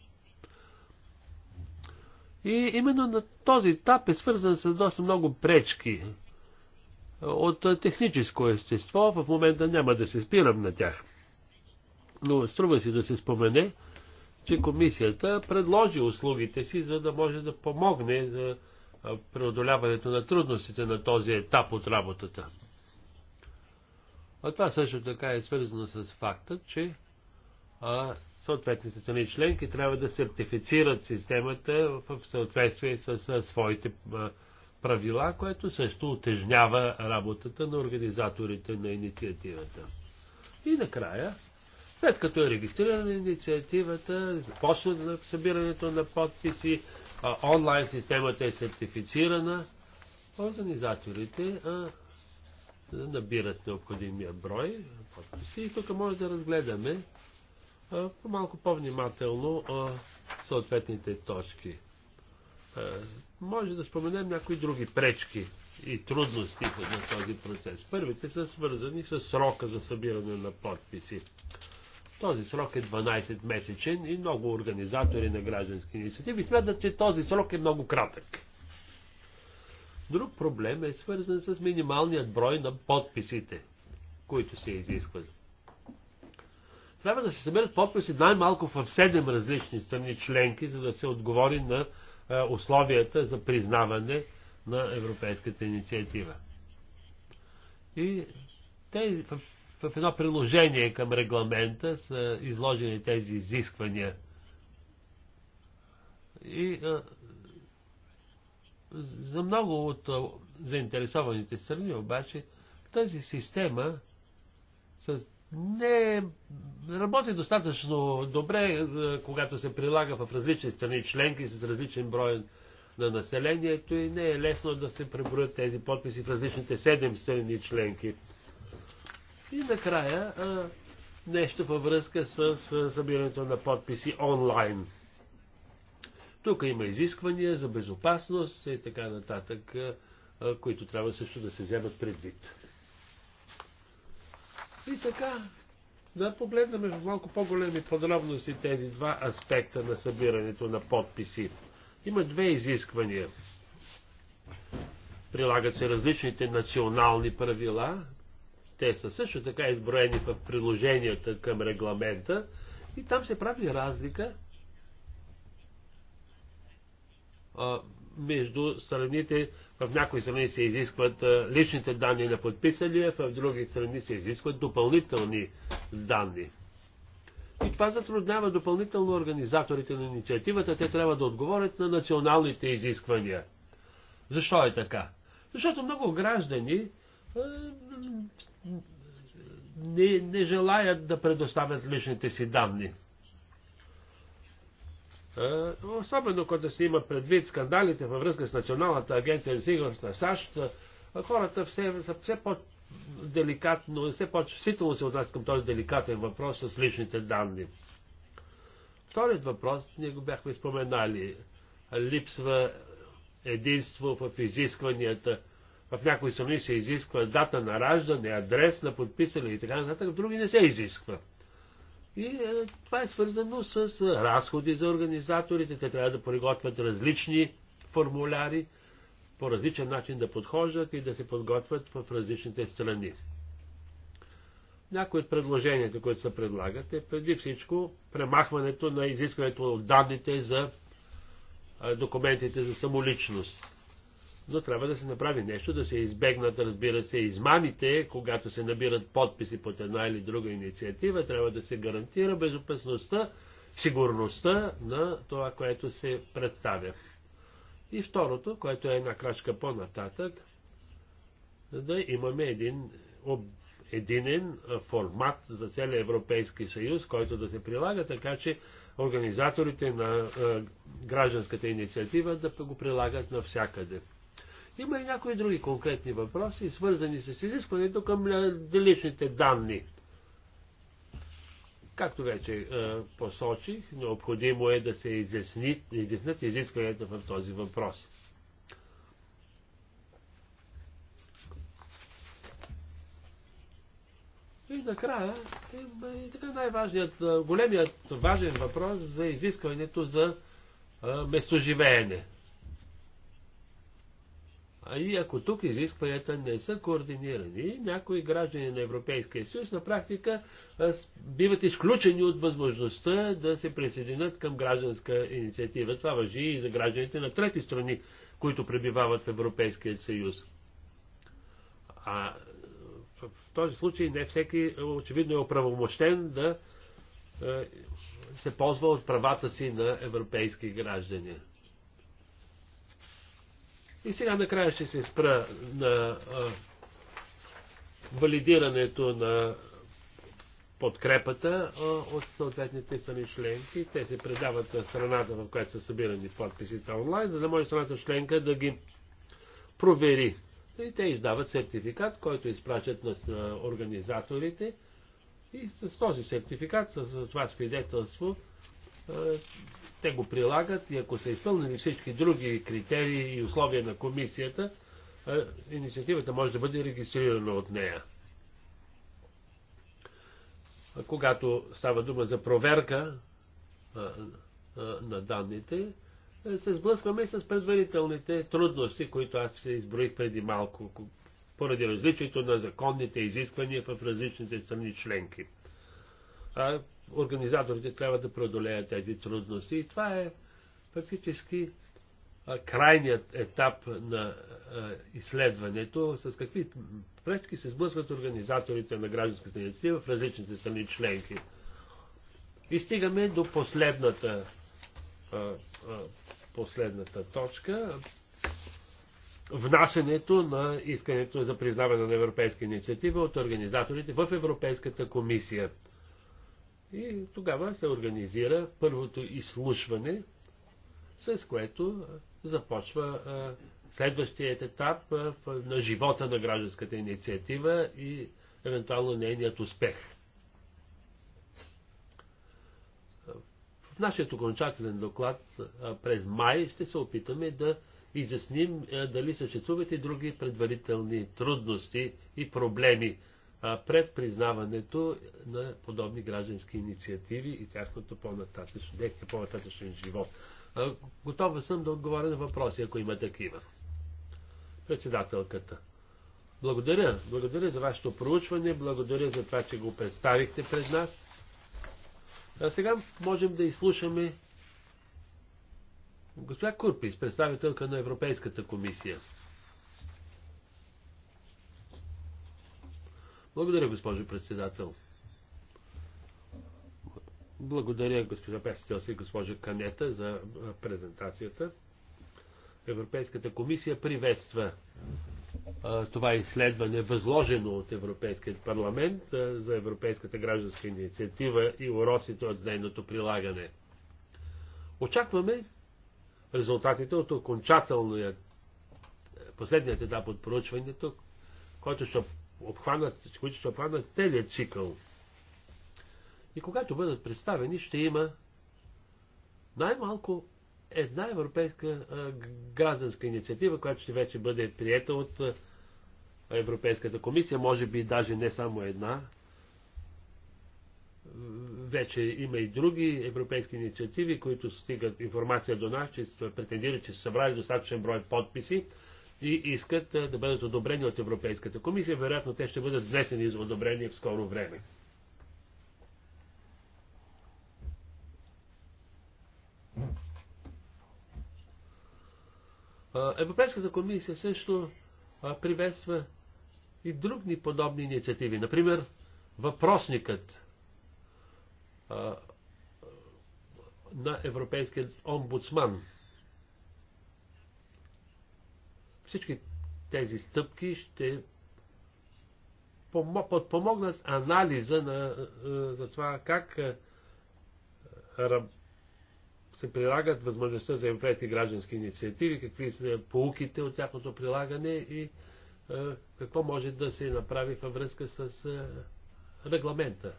И именно на този етап е свързан с доста много пречки от техническо естество. В момента няма да се спирам на тях. Но струва си да се спомене, че комисията предложи услугите си, за да може да помогне за преодоляването на трудностите на този етап от работата. А това също така е свързано с факта, че а, съответните страни членки трябва да сертифицират системата в съответствие с, а, своите а, правила, което също отежнява работата на организаторите на инициативата. И накрая, след като е регистрирана инициативата, започна на събирането на подписи, онлайн системата е сертифицирана, организаторите а, набират необходимия брой подписи и тук може да разгледаме а, малко по-внимателно съответните точки. Е, може да споменем някои други пречки и трудности на този процес. Първите са свързани с срока за събиране на подписи. Този срок е 12 месечен и много организатори на граждански инициативи смятат, че този срок е много кратък. Друг проблем е свързан с минималният брой на подписите, които се изискват. Трябва да се съберат подписи най-малко в 7 различни страни членки, за да се отговори на е, условията за признаване на европейската инициатива. И те в, в едно приложение към регламента са изложени тези изисквания. И а, е, за много от е, заинтересованите страни обаче тази система с не работи достатъчно добре, е, когато се прилага в различни страни членки с различен брой на населението и не е лесно да се преброят тези подписи в различните седем страни членки. И накрая е, нещо във връзка с, събирането на подписи онлайн. Тук има изисквания за безопасност и така нататък, е, които трябва също да се вземат предвид. И така, да погледнем в малко по-големи подробности тези два аспекта на събирането на подписи. Има две изисквания. Прилагат се различните национални правила. Те са също така изброени в приложенията към регламента. И там се прави разлика между страните, в някои страни се изискват личните данни на подписалия, в други страни се изискват допълнителни данни. И това затруднява допълнително организаторите на инициативата. Те трябва да отговорят на националните изисквания. Защо е така? Защото много граждани не, не желаят да предоставят личните си данни. Е, особено като се има предвид скандалите във връзка с Националната агенция за сигурност на САЩ, е, хората все, са все по-деликатно, все по-чувствително се отнасят към този деликатен въпрос с личните данни. Вторият въпрос, ние го бяхме споменали, липсва единство в изискванията. В някои страни се изисква дата на раждане, адрес на подписали и така нататък, в други не се изисква. И е, това е свързано с е, разходи за организаторите. Те трябва да приготвят различни формуляри, по различен начин да подхождат и да се подготвят в различните страни. Някои от предложенията, които се предлагат, е преди всичко премахването на изискването от данните за е, документите за самоличност но трябва да се направи нещо, да се избегнат, разбира се, измамите, когато се набират подписи под една или друга инициатива, трябва да се гарантира безопасността, сигурността на това, което се представя. И второто, което е една крачка по-нататък, да имаме един единен формат за целия Европейски съюз, който да се прилага, така че организаторите на гражданската инициатива да го прилагат навсякъде. Има и някои други конкретни въпроси, свързани с изискването към личните данни. Както вече е, посочих, необходимо е да се изясни, изискването изискванията в този въпрос. И накрая, и така най-важният, е, големият важен въпрос за изискването за е, местоживеене. А И ако тук изискванията не са координирани, някои граждани на Европейския съюз на практика биват изключени от възможността да се присъединят към гражданска инициатива. Това въжи и за гражданите на трети страни, които пребивават в Европейския съюз. А в този случай не всеки очевидно е оправомощен да е, се ползва от правата си на европейски граждани. И сега накрая ще се спра на а, валидирането на подкрепата а, от съответните страни членки. Те се предават на страната, в която са събирани подписите онлайн, за да може страната членка да ги провери. И те издават сертификат, който изпращат на, на организаторите. И с този сертификат, с това свидетелство, те го прилагат и ако са изпълнени всички други критерии и условия на комисията, е, инициативата може да бъде регистрирана от нея. Когато става дума за проверка е, е, на данните, се сблъскваме с предварителните трудности, които аз ще изброих преди малко, поради различието на законните изисквания в различните страни членки. А, организаторите трябва да преодолеят тези трудности. И това е фактически крайният етап на изследването, с какви пречки се сблъскват организаторите на гражданската инициатива в различните страни членки. И стигаме до последната, последната точка внасенето на искането за признаване на европейска инициатива от организаторите в Европейската комисия. И тогава се организира първото изслушване, с което започва следващият етап на живота на гражданската инициатива и евентуално нейният успех. В нашия окончателен доклад през май ще се опитаме да изясним дали съществуват и други предварителни трудности и проблеми, пред признаването на подобни граждански инициативи и тяхното по-нататъчно, по-нататъчен живот. Готова съм да отговоря на въпроси, ако има такива. Председателката. Благодаря. Благодаря за вашето проучване. Благодаря за това, че го представихте пред нас. А сега можем да изслушаме госпожа Курпис, представителка на Европейската комисия. Благодаря, госпожо председател. Благодаря, госпожа председател и госпожа Канета, за презентацията. Европейската комисия приветства това изследване, възложено от Европейският парламент за Европейската гражданска инициатива и уросите от нейното прилагане. Очакваме резултатите от окончателния последният етап от проучването, който ще обхванат, които ще обхванат целият цикъл. И когато бъдат представени, ще има най-малко една европейска а, гражданска инициатива, която ще вече бъде приета от а, Европейската комисия, може би даже не само една. Вече има и други европейски инициативи, които стигат информация до нас, че претендират, че са събрали достатъчен брой подписи и искат да бъдат одобрени от Европейската комисия. Вероятно те ще бъдат внесени за одобрение в скоро време. Европейската комисия също приветства и други подобни инициативи. Например, въпросникът на Европейския омбудсман – Всички тези стъпки ще подпомогнат анализа на, е, е, за това как е, се прилагат възможността за европейски граждански инициативи, какви са полуките от тяхното прилагане и какво може да се направи във връзка с регламента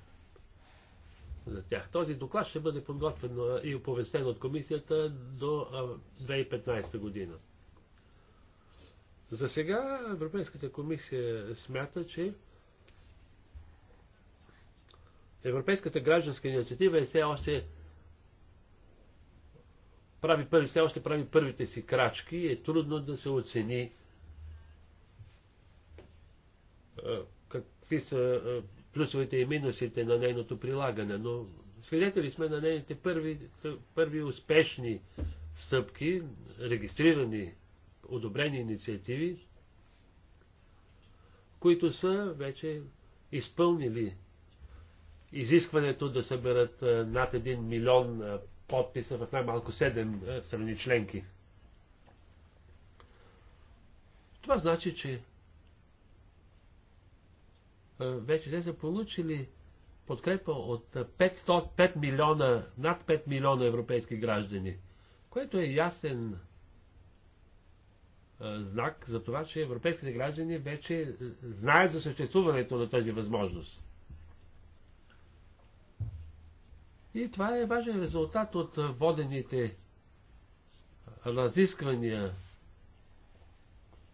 за тях. Този доклад ще бъде подготвен и оповестен от комисията до 2015 година. За сега Европейската комисия смята, че Европейската гражданска инициатива е все още прави първи, все още прави първите си крачки и е трудно да се оцени какви са плюсовете и минусите на нейното прилагане, но свидетели сме на нейните първи, първи успешни стъпки, регистрирани одобрени инициативи, които са вече изпълнили изискването да съберат над 1 милион подписа в най-малко 7 страни членки. Това значи, че вече те са получили подкрепа от 500, 5 милиона, над 5 милиона европейски граждани, което е ясен знак за това, че европейските граждани вече знаят за съществуването на тази възможност. И това е важен резултат от водените разисквания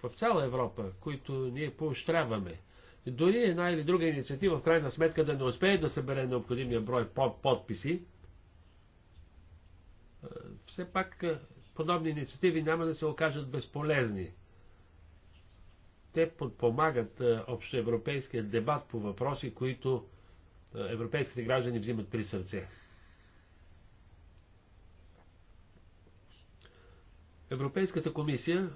в цяла Европа, които ние поощряваме. Дори една или друга инициатива в крайна сметка да не успее да събере необходимия брой подписи, все пак подобни инициативи няма да се окажат безполезни. Те подпомагат е, общоевропейския дебат по въпроси, които е, европейските граждани взимат при сърце. Европейската комисия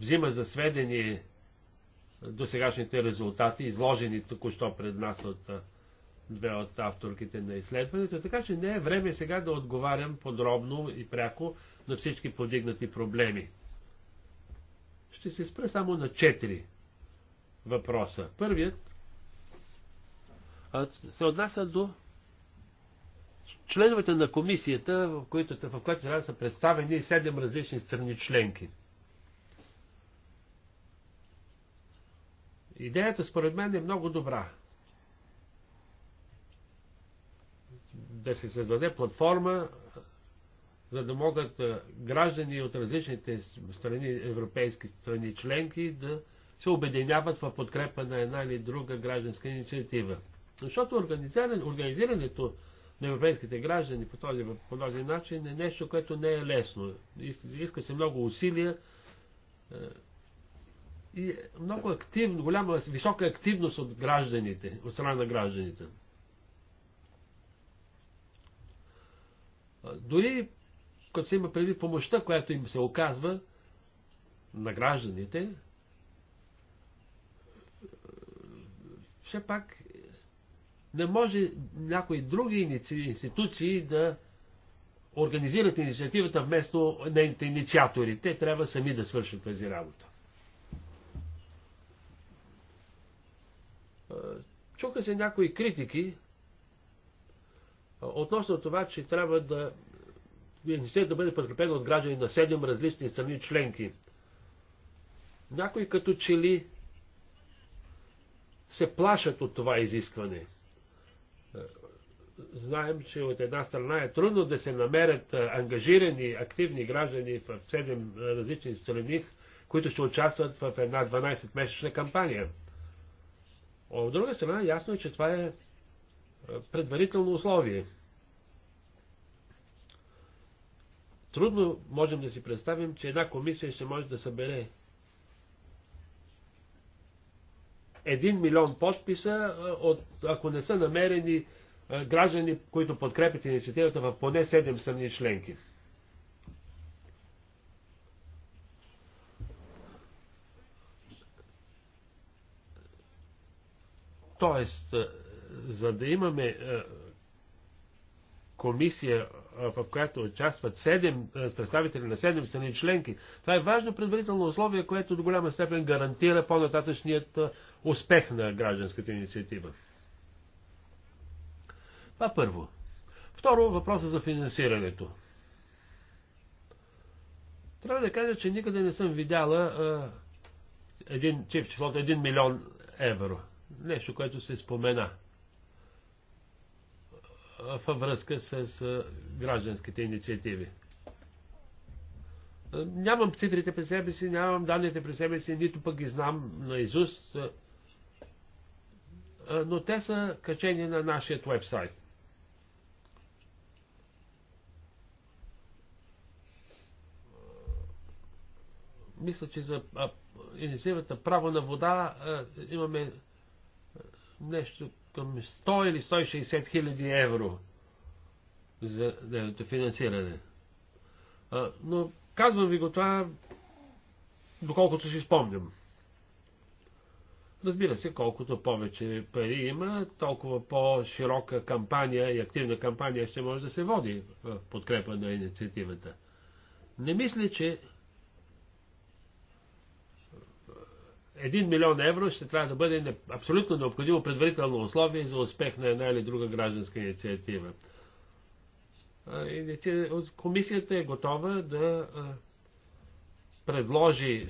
взима за сведение досегашните резултати, изложени току-що пред нас от две от авторките на изследването, така че не е време сега да отговарям подробно и пряко на всички подигнати проблеми. Ще се спра само на четири въпроса. Първият се отнася до членовете на комисията, в, в която трябва са представени седем различни страни членки. Идеята според мен е много добра. Да се създаде платформа, за да могат граждани от различните страни, европейски страни членки да се обединяват в подкрепа на една или друга гражданска инициатива. Защото организирането на европейските граждани по този, по този начин е нещо, което не е лесно. Иска се много усилия и много активно, голяма, висока активност от гражданите, от страна на гражданите. Дори като се има преди помощта, която им се оказва на гражданите, все пак не може някои други институции да организират инициативата вместо нейните инициатори. Те трябва сами да свършат тази работа. Чука се някои критики относно това, че трябва да инициативата да бъде подкрепено от граждани на 7 различни страни членки. Някои като че ли се плашат от това изискване. Знаем, че от една страна е трудно да се намерят ангажирани, активни граждани в 7 различни страни, които ще участват в една 12-месечна кампания. От друга страна, ясно е, че това е, е предварително условие. Трудно можем да си представим, че една комисия ще може да събере един милион подписа, е, от, ако не са намерени е, граждани, които подкрепят инициативата в поне 7 страни членки. Тоест, е, за да имаме е, комисия, е, в която участват 7 представители на 7 страни членки, това е важно предварително условие, което до голяма степен гарантира по-нататъчният успех на гражданската инициатива. Това първо. Второ, въпроса за финансирането. Трябва да кажа, че никъде не съм видяла а, един, че в числото 1 милион евро. Нещо, което се спомена във връзка с гражданските инициативи. Нямам цифрите при себе си, нямам данните при себе си, нито пък ги знам на Изуст. но те са качени на нашия вебсайт. Мисля, че за инициативата право на вода имаме нещо към 100 или 160 хиляди евро за неговото финансиране. А, но казвам ви го това, доколкото си спомням. Разбира се, колкото повече пари има, толкова по-широка кампания и активна кампания ще може да се води в подкрепа на инициативата. Не мисля, че Един милион евро ще трябва да бъде абсолютно необходимо предварително условие за успех на една или друга гражданска инициатива. Комисията е готова да предложи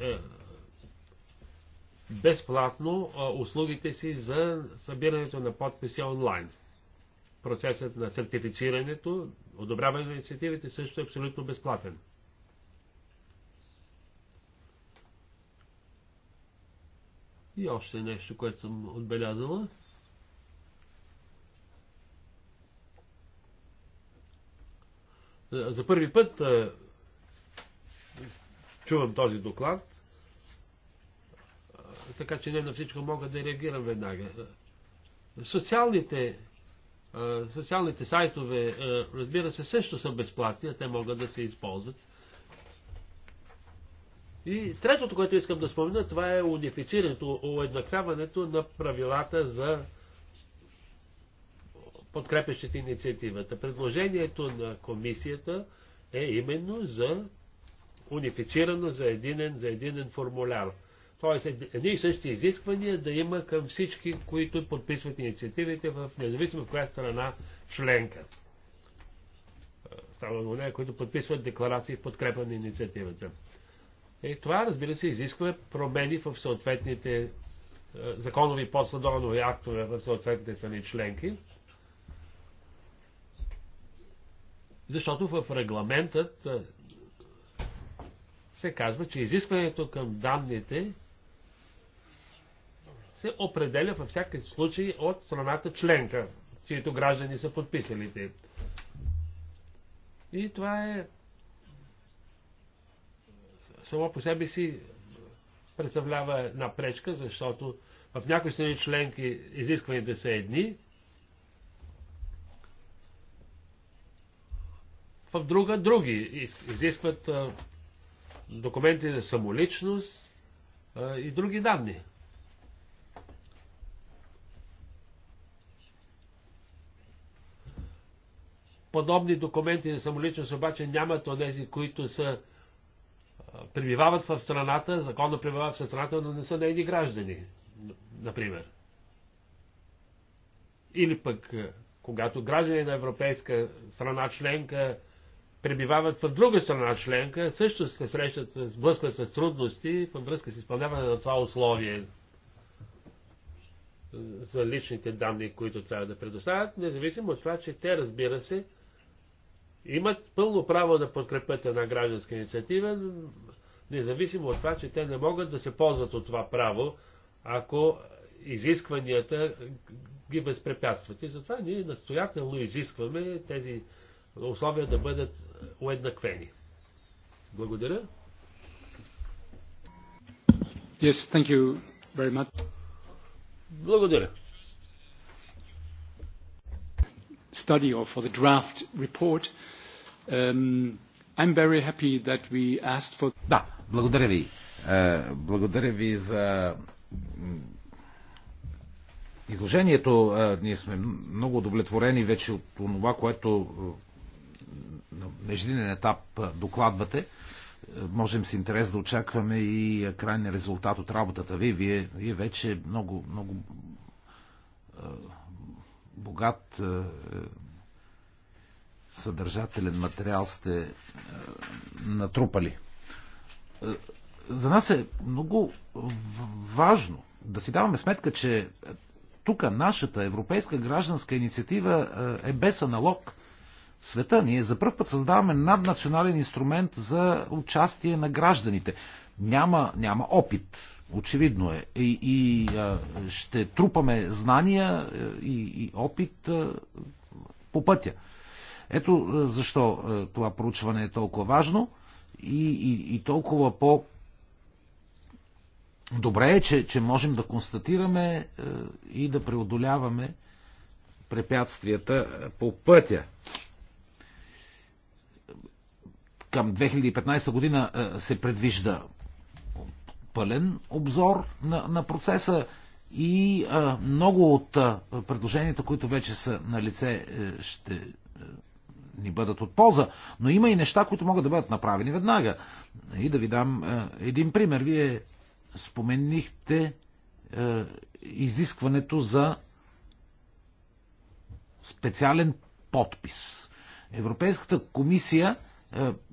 безплатно услугите си за събирането на подписи онлайн. Процесът на сертифицирането, одобряване на инициативите също е абсолютно безплатен. И още нещо, което съм отбелязала. За първи път е, чувам този доклад, е, така че не на всичко мога да реагирам веднага. Социалните, е, социалните сайтове, разбира се, също са безплатни, а те могат да се използват и третото, което искам да спомена, това е унифицирането, уеднаквяването на правилата за подкрепящите инициативата. Предложението на комисията е именно за унифицирано, за единен, за единен формуляр. Тоест, едни и същи изисквания да има към всички, които подписват инициативите, в независимо в коя страна членка. Става на нея, които подписват декларации в подкрепа на инициативата. И е, това, разбира се, изисква промени в съответните е, законови подсъдовни актове в съответните страни членки, защото в регламентът е, се казва, че изискването към данните се определя във всяка случай от страната членка, чието граждани са подписалите. И това е само по себе си представлява една пречка, защото в някои страни членки изискваните са едни, в друга други. Изискват документи за самоличност и други данни. Подобни документи за самоличност обаче нямат онези, които са пребивават в страната, законно пребивават в страната, но не са нейни граждани, например. Или пък, е, когато граждани на европейска страна членка пребивават в друга страна членка, също се срещат, сблъскват с трудности във връзка с изпълняване на това условие за личните данни, които трябва да предоставят, независимо от това, че те, разбира се, имат пълно право да подкрепят една гражданска инициатива, независимо от това, че те не могат да се ползват от това право, ако изискванията ги безпрепятстват. И затова ние настоятелно изискваме тези условия да бъдат уеднаквени. Благодаря. Yes, thank you very much. Благодаря. study or for the draft report. Um, I'm very happy that we asked for... Да, благодаря ви. Е, благодаря ви за изложението. Е, ние сме много удовлетворени вече от това, което е, на междинен етап докладвате. Можем с интерес да очакваме и крайния резултат от работата ви. Вие, вие вече много, много богат е, е, съдържателен материал сте е, натрупали. За нас е много важно да си даваме сметка, че тук нашата европейска гражданска инициатива е без аналог в света. Ние за първ път създаваме наднационален инструмент за участие на гражданите няма, няма опит. Очевидно е. И, и ще трупаме знания и, и опит по пътя. Ето защо това проучване е толкова важно и, и, и толкова по. Добре е, че, че можем да констатираме и да преодоляваме препятствията по пътя към 2015 година се предвижда пълен обзор на, на процеса и а, много от а, предложенията, които вече са на лице, е, ще е, ни бъдат от полза. Но има и неща, които могат да бъдат направени веднага. И да ви дам е, един пример. Вие споменихте изискването за специален подпис. Европейската комисия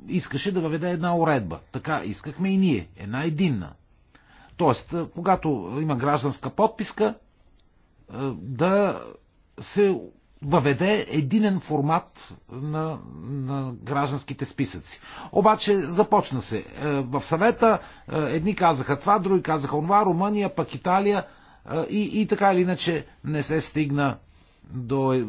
искаше да въведе една уредба. Така искахме и ние. Една единна. Тоест, е, когато има гражданска подписка, е, да се въведе единен формат на, на гражданските списъци. Обаче започна се. Е, в съвета едни казаха това, други казаха онова, Румъния, пък Италия и, и така или иначе не се стигна до,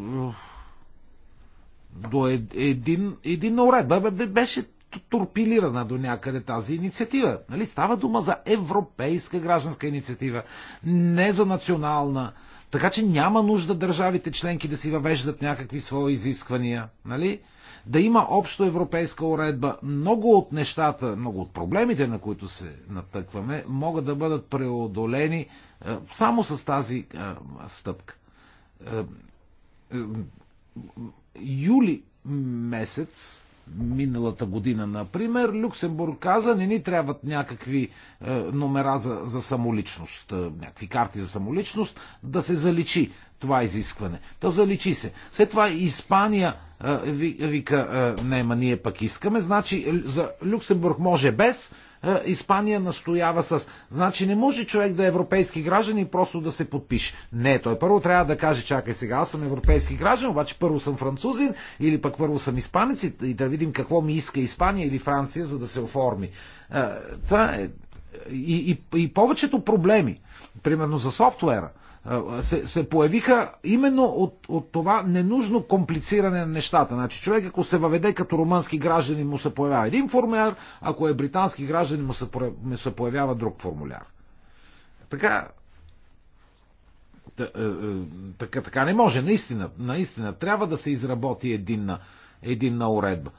до един, един уред. Беше торпилирана до някъде тази инициатива. Нали? Става дума за европейска гражданска инициатива, не за национална. Така че няма нужда държавите членки да си въвеждат някакви свои изисквания. Нали? Да има общо европейска уредба. Много от нещата, много от проблемите, на които се натъкваме, могат да бъдат преодолени е, само с тази е, стъпка. Е, юли месец миналата година, например, Люксембург каза, не ни трябват някакви е, номера за, за самоличност, е, някакви карти за самоличност, да се заличи това изискване. Да заличи се. След това Испания е, вика, е, ма ние пък искаме, значи е, за Люксембург може без, е, Испания настоява с... Значи не може човек да е европейски граждан и просто да се подпише. Не, той първо трябва да каже, чакай сега, аз съм европейски граждан, обаче първо съм французин или пък първо съм испанец и да видим какво ми иска Испания или Франция, за да се оформи. Е, това е... И, и, и повечето проблеми, примерно за софтуера, се, се появиха именно от, от това ненужно комплициране на нещата. Значи човек, ако се въведе като румънски гражданин, му се появява един формуляр, ако е британски гражданин, му се, му се появява друг формуляр. Така, е, е, така, така не може. Наистина, наистина трябва да се изработи единна, единна уредба.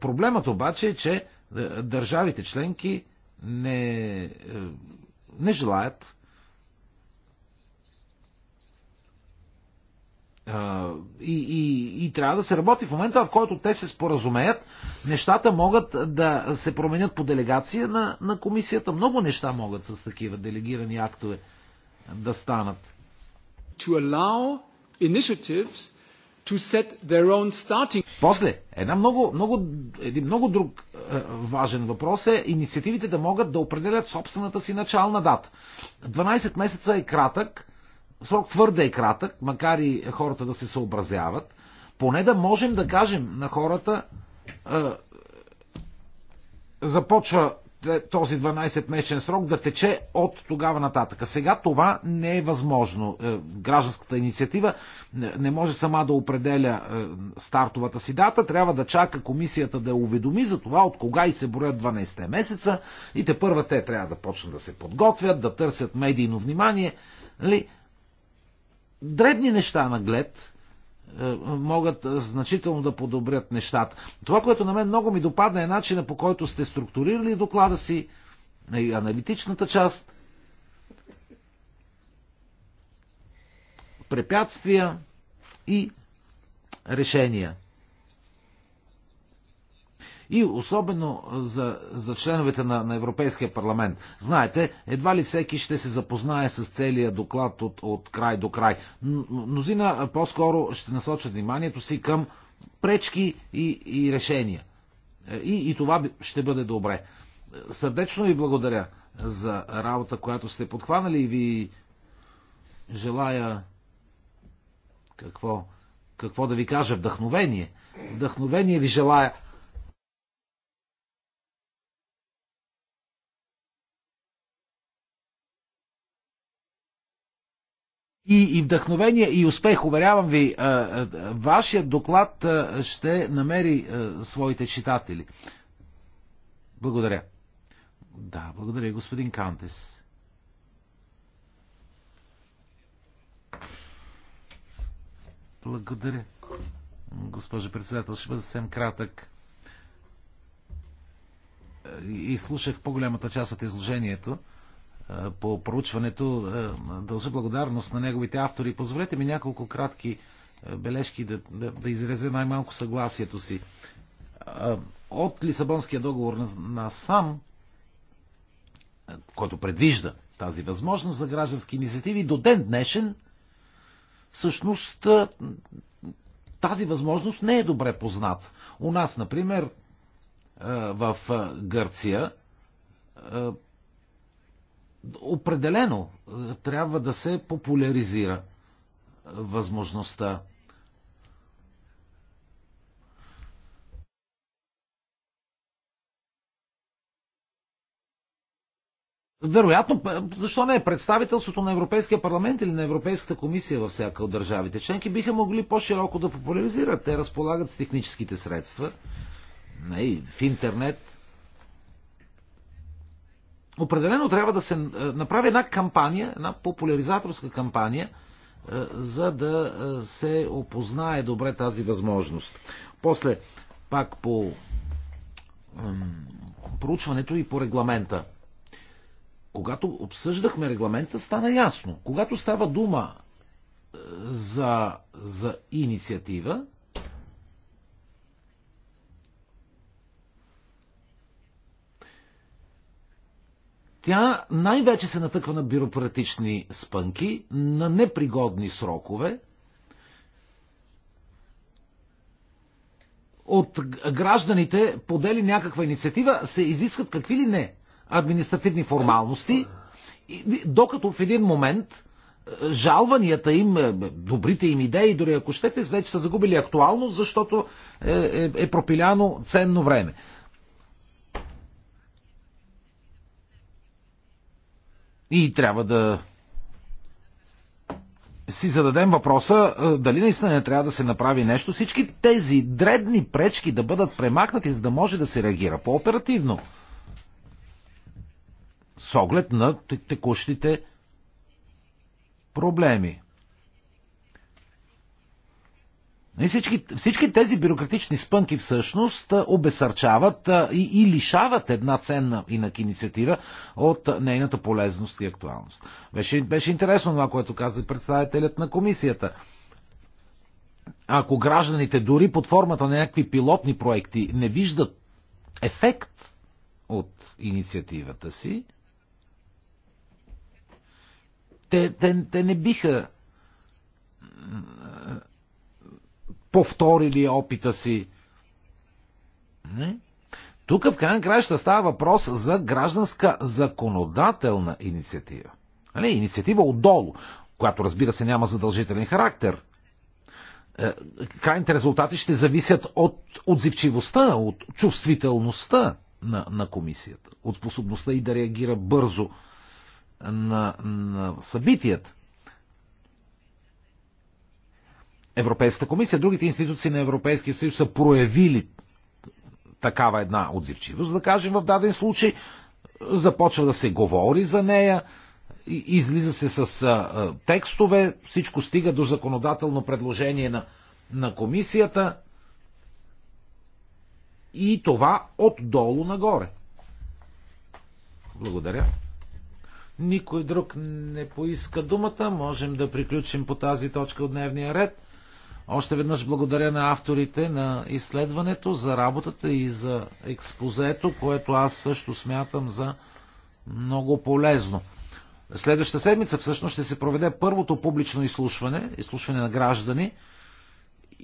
Проблемът обаче е, че е, държавите членки не, не желаят И, и, и трябва да се работи в момента, в който те се споразумеят, нещата могат да се променят по делегация на, на комисията. Много неща могат с такива делегирани актове да станат. To allow initiatives to set their own starting. После, една много, много, един много друг е, важен въпрос е инициативите да могат да определят собствената си начална дата. 12 месеца е кратък Срок твърде е кратък, макар и хората да се съобразяват. Поне да можем да кажем на хората, е, започва този 12-месечен срок да тече от тогава нататък. А сега това не е възможно. Е, гражданската инициатива не може сама да определя е, стартовата си дата, трябва да чака комисията да уведоми за това от кога и се броят 12 месеца и те първа те трябва да почнат да се подготвят, да търсят медийно внимание. Нали? дребни неща на глед е, могат значително да подобрят нещата. Това, което на мен много ми допадна е начина по който сте структурирали доклада си, е, и аналитичната част, препятствия и решения. И особено за, за членовете на, на Европейския парламент. Знаете, едва ли всеки ще се запознае с целия доклад от, от край до край. Мнозина по-скоро ще насочат вниманието си към пречки и, и решения. Е, и, и това ще бъде добре. Сърдечно ви благодаря за работа, която сте подхванали и ви желая какво, какво да ви кажа, вдъхновение. Вдъхновение ви желая и, и вдъхновение, и успех. Уверявам ви, вашият доклад ще намери своите читатели. Благодаря. Да, благодаря, господин Кантес. Благодаря. Госпожо председател, ще бъда съвсем кратък. И слушах по-голямата част от изложението по проучването. Дължа благодарност на неговите автори. Позволете ми няколко кратки бележки да, да, да изразя най-малко съгласието си. От Лисабонския договор на, на сам, който предвижда тази възможност за граждански инициативи, до ден днешен, всъщност тази възможност не е добре позната. У нас, например, в Гърция определено е, трябва да се популяризира е, възможността. Вероятно, е, защо не? Представителството на Европейския парламент или на Европейската комисия във всяка от държавите членки биха могли по-широко да популяризират. Те разполагат с техническите средства. И в интернет определено трябва да се е, направи една кампания, една популяризаторска кампания, е, за да е, се опознае добре тази възможност. После, пак по проучването и по регламента. Когато обсъждахме регламента, стана ясно. Когато става дума за, за инициатива, Тя най-вече се натъква на бюрократични спънки, на непригодни срокове, от гражданите подели някаква инициатива, се изискват какви ли не административни формалности, докато в един момент е, жалванията им, е, добрите им идеи, дори ако щете, вече са загубили актуалност, защото е, е, е пропиляно ценно време. И трябва да си зададем въпроса дали наистина не трябва да се направи нещо. Всички тези дребни пречки да бъдат премахнати, за да може да се реагира по-оперативно. С оглед на текущите проблеми. Нали, всички, всички тези бюрократични спънки всъщност обесърчават и, и лишават една ценна инак инициатива от нейната полезност и актуалност. Беше, беше интересно това, което каза представителят на комисията. Ако гражданите дори под формата на някакви пилотни проекти не виждат ефект от инициативата си, те, те, те не биха повторили опита си. Тук в крайна краща става въпрос за гражданска законодателна инициатива. Нали? Инициатива отдолу, която разбира се няма задължителен характер. Е, крайните резултати ще зависят от отзивчивостта, от чувствителността на, на комисията, от способността и да реагира бързо на, на събитията. Европейската комисия, другите институции на Европейския съюз са проявили такава една отзивчивост, да кажем в даден случай, започва да се говори за нея, излиза се с а, текстове, всичко стига до законодателно предложение на, на комисията и това отдолу нагоре. Благодаря. Никой друг не поиска думата. Можем да приключим по тази точка от дневния ред. Още веднъж благодаря на авторите на изследването за работата и за експозето, което аз също смятам за много полезно. Следващата седмица всъщност ще се проведе първото публично изслушване, изслушване на граждани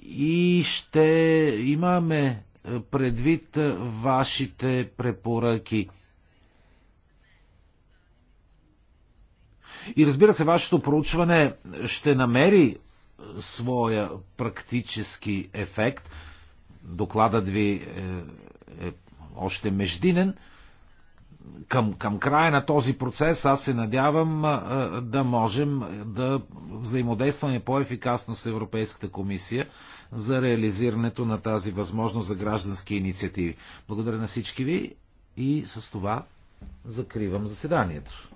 и ще имаме е, предвид е, вашите препоръки. И разбира се, вашето проучване ще намери своя практически ефект. Докладът ви е, е още междинен. Към, към края на този процес аз се надявам е, да можем да взаимодействаме по-ефикасно с Европейската комисия за реализирането на тази възможност за граждански инициативи. Благодаря на всички ви и с това закривам заседанието.